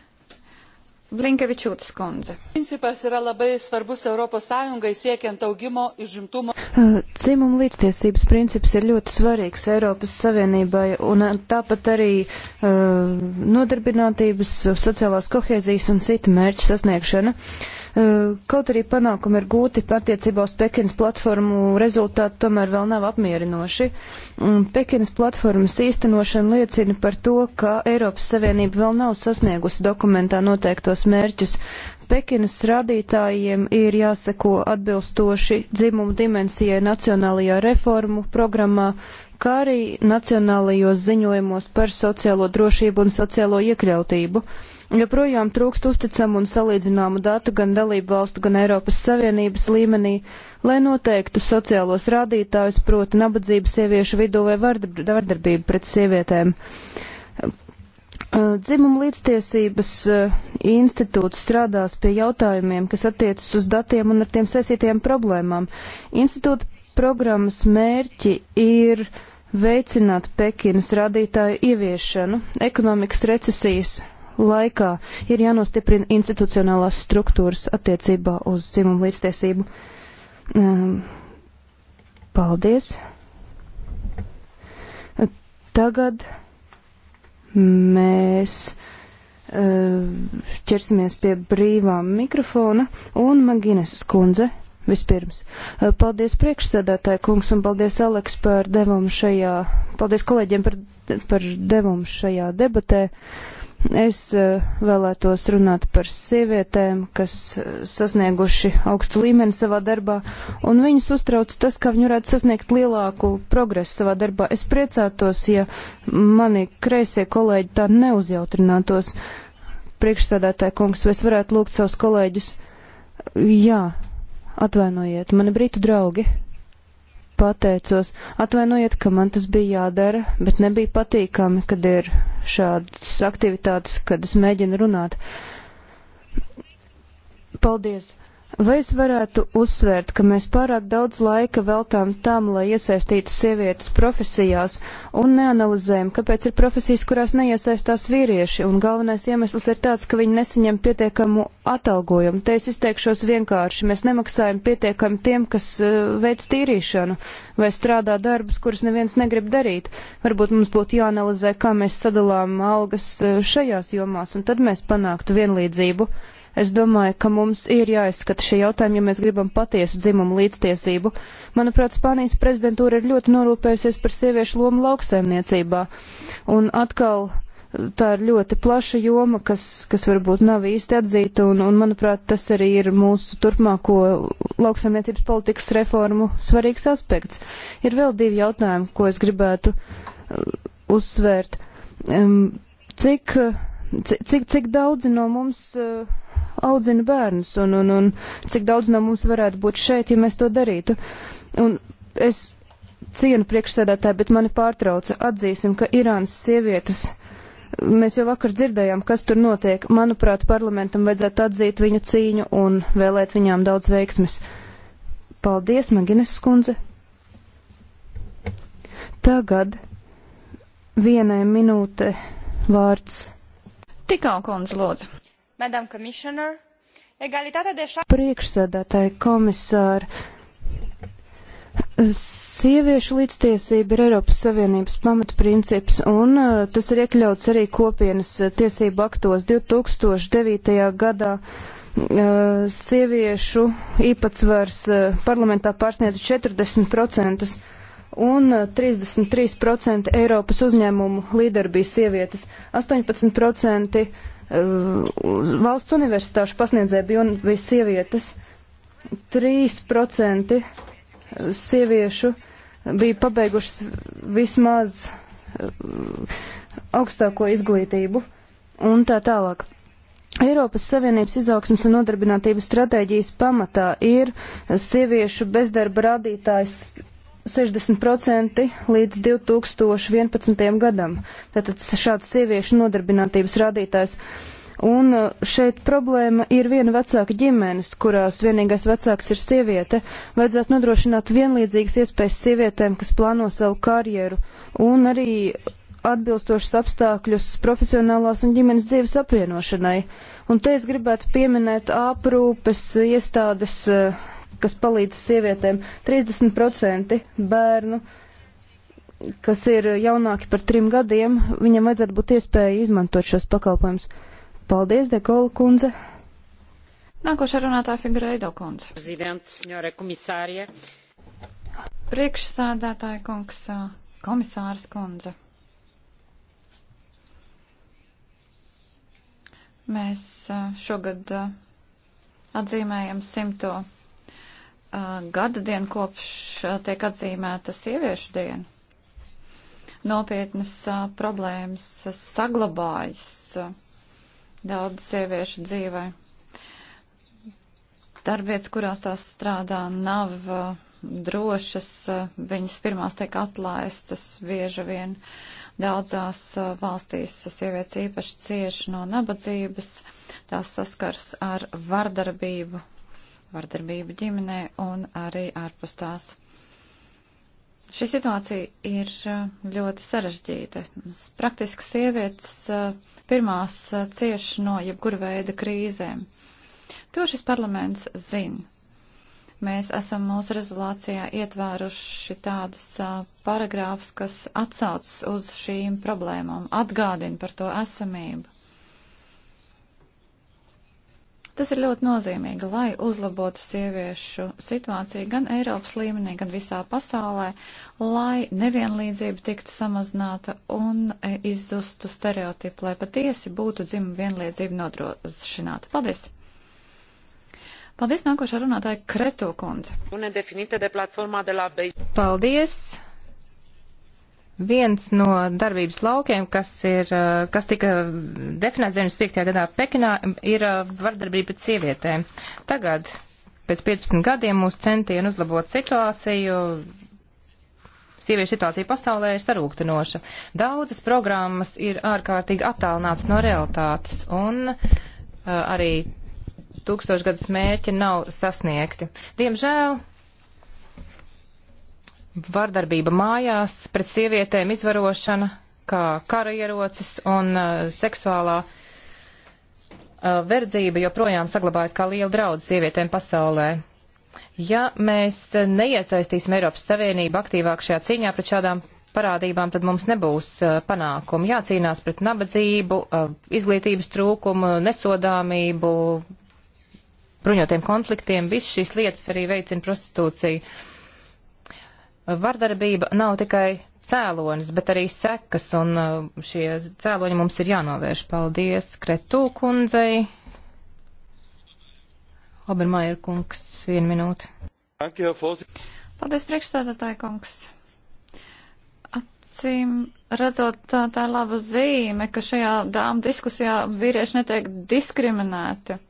[SPEAKER 5] Blinkevičiūtas kundze.
[SPEAKER 6] Principas yra labai svarbus ES siekiant augimo, išimtumo. Uh, dzimuma līdztiesības princips ir ļoti svarīgs Eiropas Savienībai un uh, tāpat arī uh, nodarbinātības, sociālās kohēzijas un citu mērķu sasniegšana. Uh, Eh, kaut arī panākumi ir gūti attiecībā uz Pekinas platformu, rezultāti tomēr vēl nav apmierinoši. Pekinas platformas īstenošana liecina par to, ka Eiropas Savienība vēl nav sasniegusi dokumentā noteiktos mērķus. Pekinas rādītājiem ir jāseko atbilstoši dzimumu dimensijai nacionālajā reformu programmā, kā arī nacionālajos ziņojumos par sociālo drošību un sociālo iekļautību. Uh, Joprojām trūkst uzticamu un salīdzināmu datu gan dalību valstu, gan Eiropas Savienības līmenī, lai noteiktu sociālos rādītājus, proti nabadzību sieviešu vidū vai vardarbību pret sievietēm. Dzimuma līdztiesības institūts strādās pie jautājumiem, kas attiecas uz datiem un ar tiem saistītajām problēmām. Institūta programmas mērķi ir veicināt Pekinas rādītāju ieviešanu ekonomikas recesijas laikā ir jānostiprina institucionālās struktūras attiecībā uz dzimumu līdztiesību. Um, paldies! Tagad mēs uh, ķersimies pie brīvā mikrofona un Magines skundze Vispirms, eh, paldies priekšsēdētāji kungs un paldies Aleks par devumu šajā, paldies kolēģiem par, par devumu šajā debatē. Uh, Es eh, vēlētos runāt par sievietēm, kas eh, sasnieguši augstu līmeni savā darbā, un viņas uztrauc tas, ka viņi varētu sasniegt lielāku progresu savā darbā. Es priecātos, ja mani kreisie kolēģi tā neuzjautrinātos. Priekšstādātāja kungs, vai es varētu lūgt savus kolēģus? Jā, atvainojiet, mani brītu draugi pateicos, atvainojiet, ka man tas bija jādara, bet nebija patīkami, kad ir šādas aktivitātes, kad es mēģinu runāt. Paldies! Vai es varētu uzsvērt, ka mēs pārāk daudz laika veltām tam, lai iesaistītu sievietes profesijās, un neanalizējam, kāpēc ir profesijas, kurās neiesaistās vīrieši, un galvenais iemesls ir tāds, ka viņi nesaņem pietiekamu atalgojumu. Te es izteikšos vienkārši, mēs nemaksājam pietiekami tiem, kas uh, veic tīrīšanu, vai strādā darbus, kurus neviens negrib darīt. Varbūt mums būtu jāanalizē, kā mēs sadalām algas eh, šajās jomās, un tad mēs panāktu vienlīdzību. Es domāju, ka mums ir jāizskata šie jautājumi, ja mēs gribam patiesu dzimumu līdztiesību. Manuprāt, Spānijas prezidentūra ir ļoti norūpējusies par sieviešu lomu lauksaimniecībā. Un atkal tā ir ļoti plaša joma, kas, kas varbūt nav īsti atzīta, un, un, manuprāt, tas arī ir mūsu turpmāko lauksaimniecības politikas reformu svarīgs aspekts. Ir vēl divi jautājumi, ko es gribētu uh, uzsvērt. Um, cik, cik, cik daudzi no mums uh, audzina bērnus un, un, un cik daudz no mums varētu būt šeit, ja mēs to darītu. Un es cienu priekšsēdētāju, bet mani pārtrauca. Atzīsim, ka Irānas sievietes. Mēs jau vakar dzirdējām, kas tur notiek. Manuprāt, parlamentam vajadzētu atzīt viņu cīņu un vēlēt viņām daudz veiksmes. Paldies, Magines skundze. Tagad vienai minūte vārds.
[SPEAKER 5] Tikā kundze, lūdzu.
[SPEAKER 6] Priekšsēdētāji komisāri, sieviešu līdztiesība ir Eiropas Savienības pamatprincips, un uh, tas ir iekļauts arī kopienas uh, tiesību aktos 2009. gadā uh, sieviešu īpatsvars parlamentā pārsniedz 40% un 33% Eiropas uzņēmumu līderi bija sievietes, 18% Eh, valsts universitāšu pasniedzēji bija un bija sievietes. 3% sieviešu bija pabeigušas vismaz eh, augstāko izglītību un tā tālāk. Eiropas Savienības izaugsmas un nodarbinātības stratēģijas pamatā ir sieviešu bezdarba rādītājs 60% līdz 2011. gadam. Tātad šāds sieviešu nodarbinātības rādītājs. Un uh, šeit problēma ir viena vecāka ģimenes, kurās vienīgais vecāks ir sieviete. Vajadzētu nodrošināt vienlīdzīgas iespējas sievietēm, kas plāno savu karjeru, un arī atbilstošas apstākļus profesionālās un ģimenes dzīves apvienošanai. Un te es gribētu pieminēt aprūpes iestādes, uh, kas palīdz sievietēm. 30% bērnu, kas ir jaunāki par trim gadiem, viņam vajadzētu būt iespēja izmantot šos pakalpojumus. Paldies, Dekola
[SPEAKER 5] kundze! Nākošā runātāja Figureido kundze. Priekšsādātāja kungs, komisārs kundze. Mēs šogad atzīmējam simto gada dienu kopš tiek atzīmēta sieviešu diena. Nopietnas problēmas saglabājas daudz sieviešu dzīvē. Darbvietas, kurās tās strādā, nav drošas, viņas pirmās tiek atlaistas bieži vien. Daudzās valstīs sievietes īpaši cieši no nabadzības, tās saskars ar vardarbību vardarbību ģimenē un arī ārpus tās. Šī situācija ir uh, ļoti sarežģīta. Praktiski sievietes uh, pirmās uh, cieš no jebkura veida krīzēm. To šis parlaments zina. Mēs esam mūsu rezolācijā ietvēruši tādus paragrāfus, kas atsauc uz šīm problēmām, atgādina par to esamību. Tas ir ļoti nozīmīgi, lai uzlabotu sieviešu situāciju gan Eiropas līmenī, gan visā pasaulē, lai nevienlīdzība tiktu samazināta un e, izzustu stereotipu, lai patiesi būtu dzimuma vienlīdzība nodrošināta. Paldies! Paldies nākošā runātāja Kreto kundze. Paldies!
[SPEAKER 4] viens no darbības laukiem, kas, ir, uh, kas tika definēts 95. gadā Pekinā, ir uh, vardarbība pret sievietēm. Tagad, pēc 15 gadiem, mūsu centieni uzlabot situāciju, sieviešu situācija pasaulē ir sarūktinoša. Daudzas programmas ir ārkārtīgi attālināts no realitātes, un uh, arī tūkstošgadus mērķi nav sasniegti. Diemžēl vardarbība mājās pret sievietēm, izvarošana, kā kara ierocis un uh, seksuālā uh, verdzība joprojām saglabājas kā liela draudz sievietēm pasaulē. Ja mēs neiesaistīsim Eiropas Savienību aktīvāk šajā cīņā pret šādām parādībām, tad mums nebūs uh, panākumu. Jācīnās pret nabadzību, uh, izglītības trūkumu, nesodāmību, bruņotiem konfliktiem. Viss šīs lietas arī veicina prostitūciju. Uh, Vardarbība nav tikai cēlonis, bet arī sekas, un uh, šie cēloņi mums ir jānovērš. Paldies Kretū kundzei. Obermajer kungs, vienu minūti.
[SPEAKER 2] Paldies
[SPEAKER 5] priekšstādātāji kungs. Acīm redzot, tā, tā ir laba zīme, ka šajā dāmu diskusijā vīrieši netiek diskriminēti.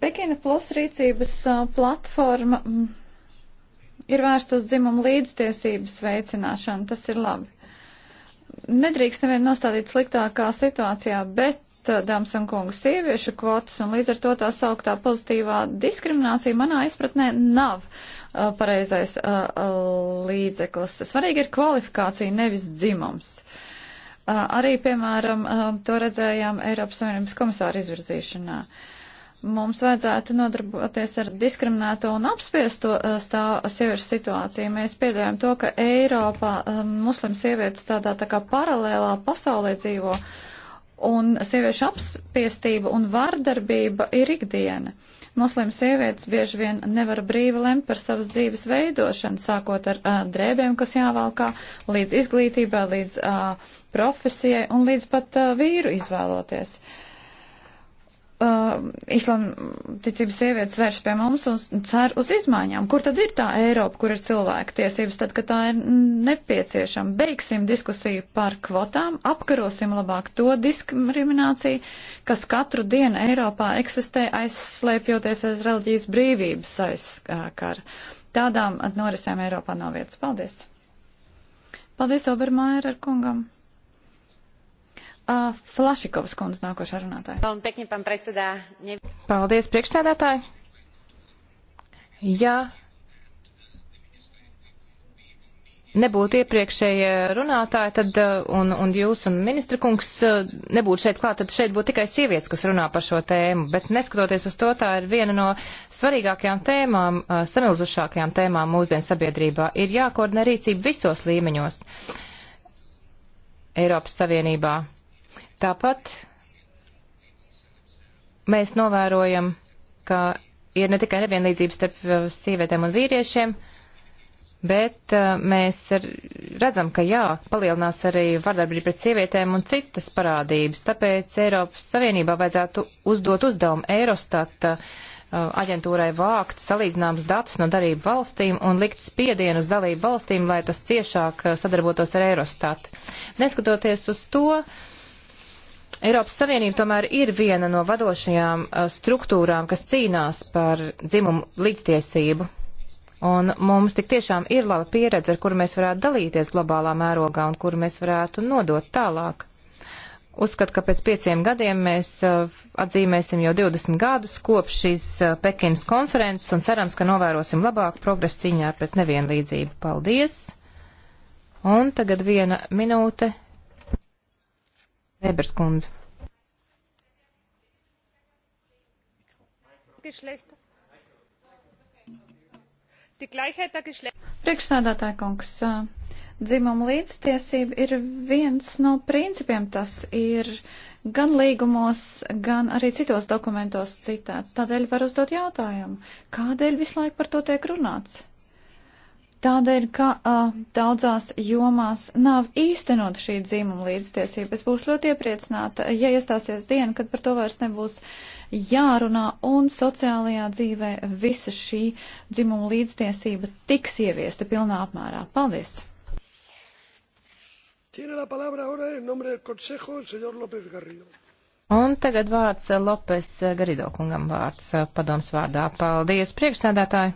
[SPEAKER 5] Pekina plus rīcības uh, platforma ir vērsts uz dzimumu līdztiesības veicināšanu. Tas ir labi. Nedrīkst nevienu nostādīt sliktākā situācijā, bet, uh, dāmas un kungi, sieviešu kvotas un līdz ar to tā sauktā pozitīvā diskriminācija manā izpratnē nav uh, pareizais uh, uh līdzeklis. Svarīgi ir kvalifikācija, nevis dzimums. Uh, arī, piemēram, uh, to redzējām Eiropas Savienības komisāra izvirzīšanā. Uh, mums vajadzētu nodarboties ar diskriminēto un apspiesto eh, stāv, sieviešu situāciju. Mēs pieļaujam to, ka Eiropā eh, muslim sievietes tādā tā kā paralēlā pasaulē dzīvo, un sieviešu apspiestība un vardarbība ir ikdiena. Muslim sievietes bieži vien nevar brīvi lemt par savas dzīves veidošanu, sākot ar uh, drēbēm, kas jāvalkā, līdz izglītībai, līdz uh, profesijai un līdz pat uh, vīru izvēloties. Uh, uh, islāma ticības sievietes vērš pie mums un cer uz izmaiņām. Kur tad ir tā Eiropa, kur ir cilvēka tiesības, tad, kad tā ir nepieciešama? Beigsim diskusiju par kvotām, apkarosim labāk to diskrimināciju, kas katru dienu Eiropā eksistē aizslēpjoties aiz reliģijas brīvības aizskara. Tādām norisēm Eiropā nav vietas. Paldies! Paldies, Obermaier ar kungam! Uh, Flašikovas kundze nākošā runātāja. Paldies, priekšsēdētāji.
[SPEAKER 4] Ja nebūtu iepriekšējie runātāji, tad, e, un, un jūs un ministra kungs e, nebūtu šeit klāt, tad šeit būtu tikai sievietes, kas runā par šo tēmu. Bet neskatoties uz to, tā ir viena no svarīgākajām tēmām, e, samilzušākajām tēmām mūsdienu sabiedrībā. Ir jākoordinē rīcība visos līmeņos Eiropas Savienībā. Tāpat mēs novērojam, ka ir ne tikai nevienlīdzības starp uh, sievietēm un vīriešiem, bet uh, mēs redzam, ka jā, palielinās arī vardarbība pret sievietēm un citas parādības. Tāpēc Eiropas Savienībā vajadzētu uzdot uzdevumu Eurostata uh, aģentūrai vākt salīdzināms datus no darību valstīm un likt spiedienu uz dalību valstīm, lai tas ciešāk sadarbotos ar Eurostatu. Neskatoties uz to, uh, Eiropas Savienība tomēr ir viena no vadošajām uh, struktūrām, kas cīnās par dzimumu līdztiesību. Un mums tik tiešām ir laba pieredze, ar kuru mēs varētu dalīties globālā mērogā un kuru mēs varētu nodot tālāk. Uzskatu, ka pēc pieciem gadiem mēs uh, atzīmēsim jau 20 gadus kopš šīs uh, Pekinas konferences un cerams, ka novērosim labāku progresu cīņā pret nevienlīdzību. Paldies! Un tagad viena minūte Ebers kundze.
[SPEAKER 1] Priekšsādātāja
[SPEAKER 5] kungs, dzimuma līdztiesība ir viens no principiem. Tas ir gan līgumos, gan arī citos dokumentos citāts. Tādēļ var uzdot jautājumu, kādēļ visu laiku par to tiek runāts? Tādēļ, ka uh, daudzās jomās nav īstenot šī dzimuma līdztiesība. Es būšu ļoti iepriecināta, ja iestāsies diena, kad par to vairs nebūs jārunā un sociālajā dzīvē visa šī dzimuma līdztiesība tiks ieviesta pilnā apmērā. Paldies!
[SPEAKER 4] Un tagad vārds Lopes Garido kungam vārds padoms vārdā. Paldies, priekšsēdētāji!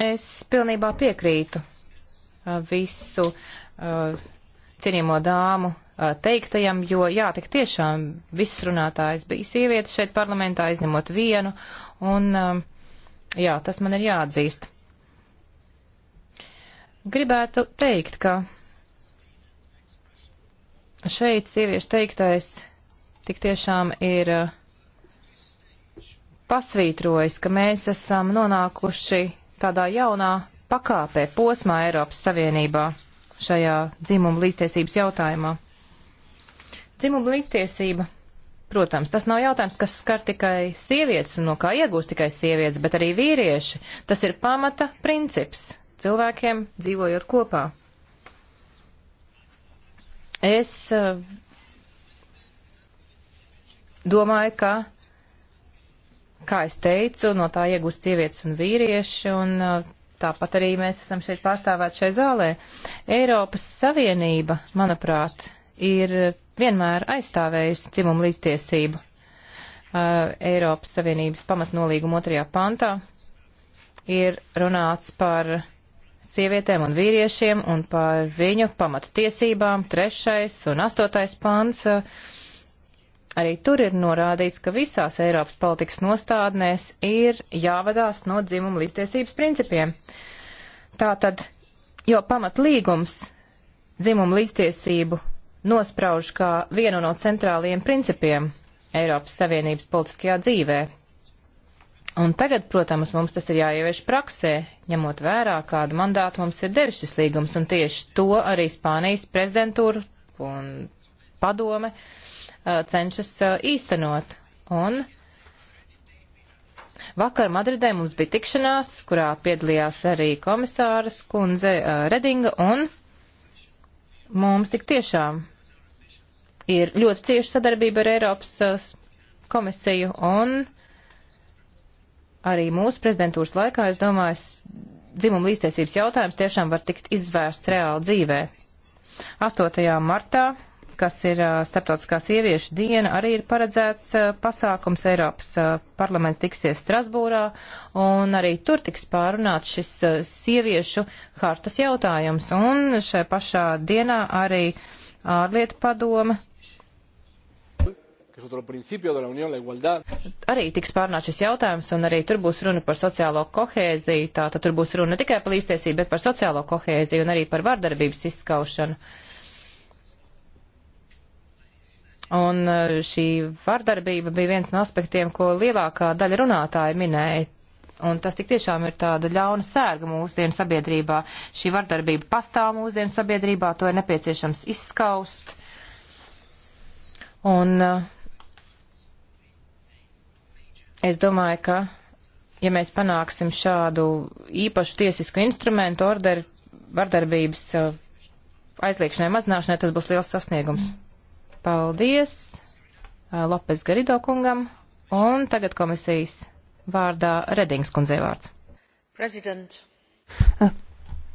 [SPEAKER 4] Es pilnībā piekrītu uh, visu uh, cienījamo dāmu uh, teiktajam, jo jā, tik tiešām viss runātājs bija sieviete šeit parlamentā, izņemot vienu, un um, jā, tas man ir jāatzīst. Gribētu teikt, ka šeit sieviešu teiktais tik tiešām ir pasvītrojis, ka mēs esam nonākuši tādā jaunā pakāpē, posmā Eiropas Savienībā šajā dzimuma līdztiesības jautājumā. Dzimuma līdztiesība, protams, tas nav jautājums, kas skar tikai sievietes un no kā iegūst tikai sievietes, bet arī vīrieši. Tas ir pamata princips cilvēkiem dzīvojot kopā. Es eh, domāju, ka kā es teicu, no tā iegūst sievietes un vīrieši, un uh, tāpat arī mēs esam šeit pārstāvēti šai zālē. Eiropas Savienība, manuprāt, ir vienmēr aizstāvējusi dzimumu līdztiesību. Uh, Eiropas Savienības pamatnolīguma otrajā pantā ir runāts par sievietēm un vīriešiem un par viņu pamatu tiesībām. Trešais un astotais pants uh, Arī tur ir norādīts, ka visās Eiropas politikas nostādnēs ir jāvadās no dzimuma līdztiesības principiem. Tātad, jo pamatlīgums dzimuma līdztiesību nosprauž kā vienu no centrālajiem principiem Eiropas Savienības politiskajā dzīvē. Un tagad, protams, mums tas ir jāievieš praksē, ņemot vērā, kādu mandātu mums ir devis šis līgums, un tieši to arī Spānijas prezidentūra un padome uh, Uh, cenšas uh, īstenot. Un vakar Madridē mums bija tikšanās, kurā piedalījās arī komisāras kundze uh, Redinga, un mums tik tiešām ir ļoti cieša sadarbība ar Eiropas komisiju, un arī mūsu prezidentūras laikā, es domāju, dzimuma līdztiesības jautājums tiešām var tikt izvērsts reāli dzīvē. 8. martā kas ir Startautiskā sieviešu diena, arī ir paredzēts pasākums. Eiropas parlaments tiksies Strasbūrā, un arī tur tiks pārunāts šis sieviešu hartas jautājums. Un šajā pašā dienā arī ārlietu padome. Arī tiks pārnāts šis jautājums, un arī tur būs runa par sociālo kohēziju. Tātad tur būs runa ne tikai par līdztiesību, bet par sociālo kohēziju un arī par vardarbības izskaušanu. Uh, Un eh, šī vardarbība bija viens no aspektiem, ko lielākā daļa runātāja minēja. Un tas tik tiešām ir tāda ļauna sērga mūsdienu sabiedrībā. Šī vardarbība pastāv mūsdienu sabiedrībā, to ir nepieciešams izskaust. Un eh, es domāju, ka ja mēs panāksim šādu īpašu tiesisku instrumentu orderi vardarbības eh, aizliekšanai mazināšanai, tas būs liels sasniegums. Mm. Paldies uh, Lopes Garido kungam un tagad komisijas vārdā Redings kundzei vārds. President. Uh,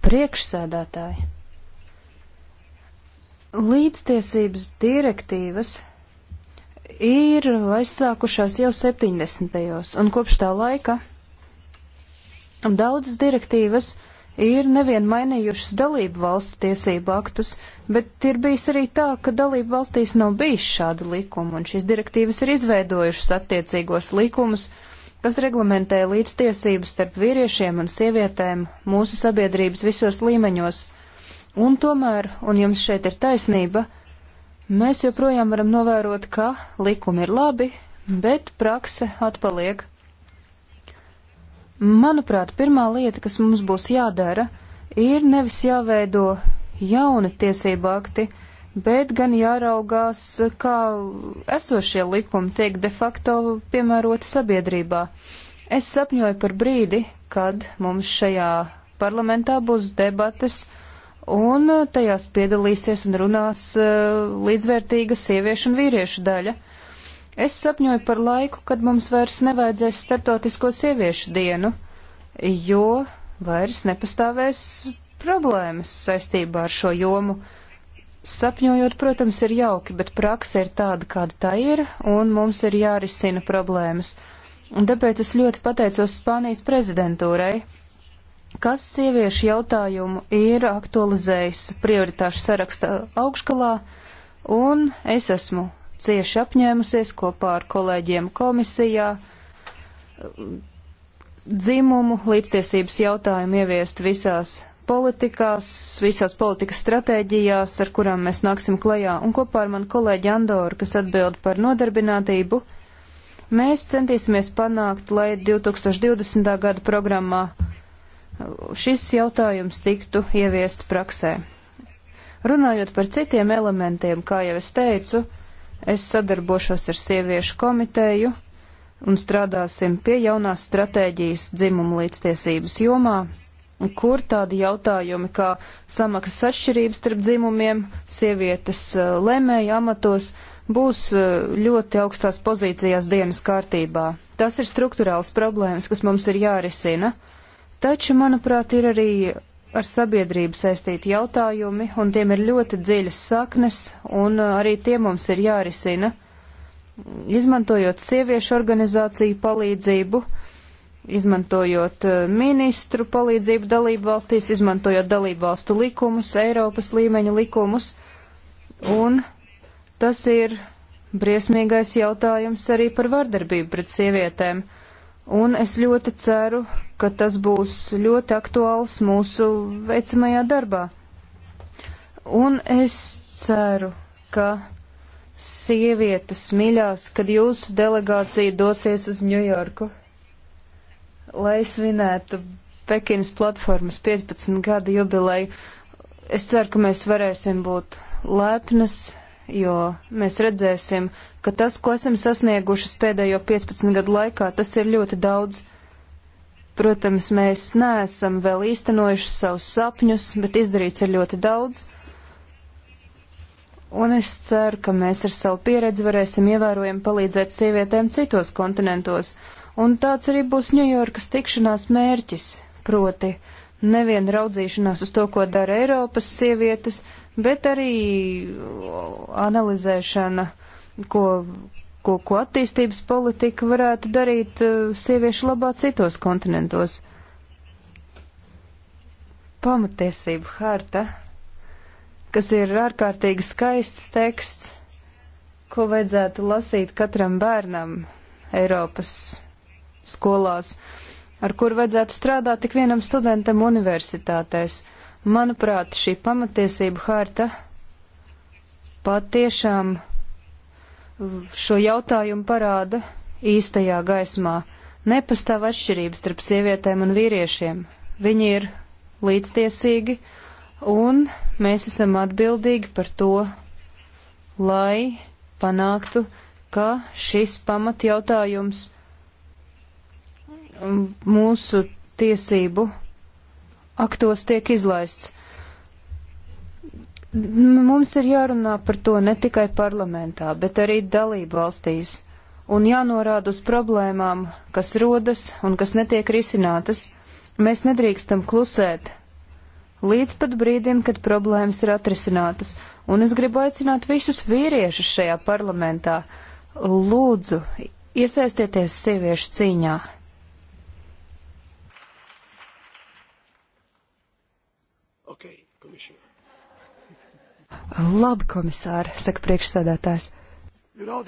[SPEAKER 4] priekšsēdētāji. Līdztiesības
[SPEAKER 6] direktīvas ir aizsākušās jau 70. un kopš tā laika daudzas direktīvas ir nevien mainījušas dalību valstu tiesību aktus, bet ir bijis arī tā, ka dalību valstīs nav bijis šādu likumu, un šīs direktīvas ir izveidojušas attiecīgos likumus, kas reglamentē līdztiesības starp vīriešiem un sievietēm mūsu sabiedrības visos līmeņos. Un tomēr, un jums šeit ir taisnība, mēs joprojām varam novērot, ka likumi ir labi, bet prakse atpaliek. Manuprāt, pirmā lieta, kas mums būs jādara, ir nevis jāveido jauni tiesību akti, bet gan jāraugās, kā esošie likumi tiek de facto piemēroti sabiedrībā. Es sapņoju par brīdi, kad mums šajā parlamentā būs debates, un tajās piedalīsies un runās eh, līdzvērtīga sieviešu un vīriešu daļa. Uh, Es sapņoju par laiku, kad mums vairs nevajadzēs starptautisko sieviešu dienu, jo vairs nepastāvēs problēmas saistībā ar šo jomu. Sapņojot, protams, ir jauki, bet praksa ir tāda, kāda tā ir, un mums ir jārisina problēmas. Un tāpēc es ļoti pateicos Spānijas prezidentūrai, kas sieviešu jautājumu ir aktualizējis prioritāšu saraksta augškalā, un es esmu cieši apņēmusies kopā ar kolēģiem komisijā dzimumu līdztiesības jautājumu ieviest visās politikās, visās politikas stratēģijās, ar kurām mēs nāksim klajā, un kopā ar manu kolēģi Andoru, kas atbild par nodarbinātību, mēs centīsimies panākt, lai 2020. gada programmā šis jautājums tiktu ieviests praksē. Runājot par citiem elementiem, kā jau es teicu, Es sadarbošos ar sieviešu komiteju un strādāsim pie jaunās stratēģijas dzimumu līdztiesības jomā, kur tādi jautājumi kā samaksas atšķirības starp dzimumiem, sievietes eh, lemēja amatos būs eh, ļoti augstās pozīcijās dienas kārtībā. Tas ir struktūrāls problēmas, kas mums ir jārisina. Taču, manuprāt, ir arī ar sabiedrību saistīti jautājumi, un tiem ir ļoti dziļas saknes, un uh, arī tie mums ir jārisina, izmantojot sieviešu organizāciju palīdzību, izmantojot uh, ministru palīdzību dalību valstīs, izmantojot dalību valstu likumus, Eiropas līmeņa likumus, un tas ir briesmīgais jautājums arī par vardarbību pret sievietēm. Un es ļoti ceru, ka tas būs ļoti aktuāls mūsu veicamajā darbā. Un es ceru, ka sievietes mīļās, kad jūsu delegācija dosies uz Ņujorku, lai svinētu Pekinas platformas 15 gada jubileju. Es ceru, ka mēs varēsim būt lepnas jo mēs redzēsim, ka tas, ko esam sasnieguši pēdējo 15 gadu laikā, tas ir ļoti daudz. Protams, mēs neesam vēl īstenojuši savus sapņus, bet izdarīts ir ļoti daudz. Un es ceru, ka mēs ar savu pieredzi varēsim ievērojami palīdzēt sievietēm citos kontinentos. Un tāds arī būs Ņujorkas tikšanās mērķis, proti nevienu raudzīšanās uz to, ko dara Eiropas sievietes, bet arī analizēšana, ko, ko, ko attīstības politika varētu darīt e, sieviešu labā citos kontinentos. Pamatiesību harta, kas ir ārkārtīgi skaists teksts, ko vajadzētu lasīt katram bērnam Eiropas skolās, ar kur vajadzētu strādāt tik vienam studentam universitātēs. Manuprāt, šī pamatiesība harta patiešām šo jautājumu parāda īstajā gaismā. Nepastāv atšķirības starp sievietēm un vīriešiem. Viņi ir līdztiesīgi, un mēs esam atbildīgi par to, lai panāktu, ka šis pamatjautājums mūsu tiesību aktos tiek izlaists. Mums ir jārunā par to ne tikai parlamentā, bet arī dalību valstīs, un jānorāda uz problēmām, kas rodas un kas netiek risinātas. Mēs nedrīkstam klusēt līdz pat brīdim, kad problēmas ir atrisinātas, un es gribu aicināt visus vīriešus šajā parlamentā. Lūdzu, iesaistieties sieviešu cīņā! Labi, komisāri, saka priekšsēdētājs. You know,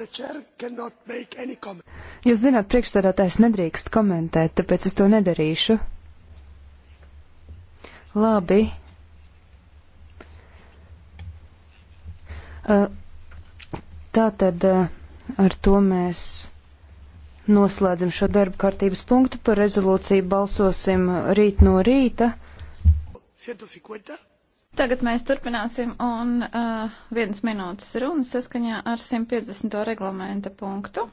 [SPEAKER 6] Jūs zināt, priekšsēdētājs nedrīkst komentēt, tāpēc es to nedarīšu. Labi. Eh, tātad eh, ar to mēs noslēdzam šo darba kārtības punktu. Par rezolūciju balsosim eh, rīt no rīta.
[SPEAKER 2] 150?
[SPEAKER 5] Tagad mēs turpināsim un uh, vienas minūtes runas saskaņā ar 150. reglamenta punktu.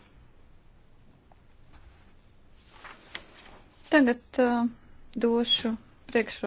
[SPEAKER 5] Tagad uh, došu priekšroku.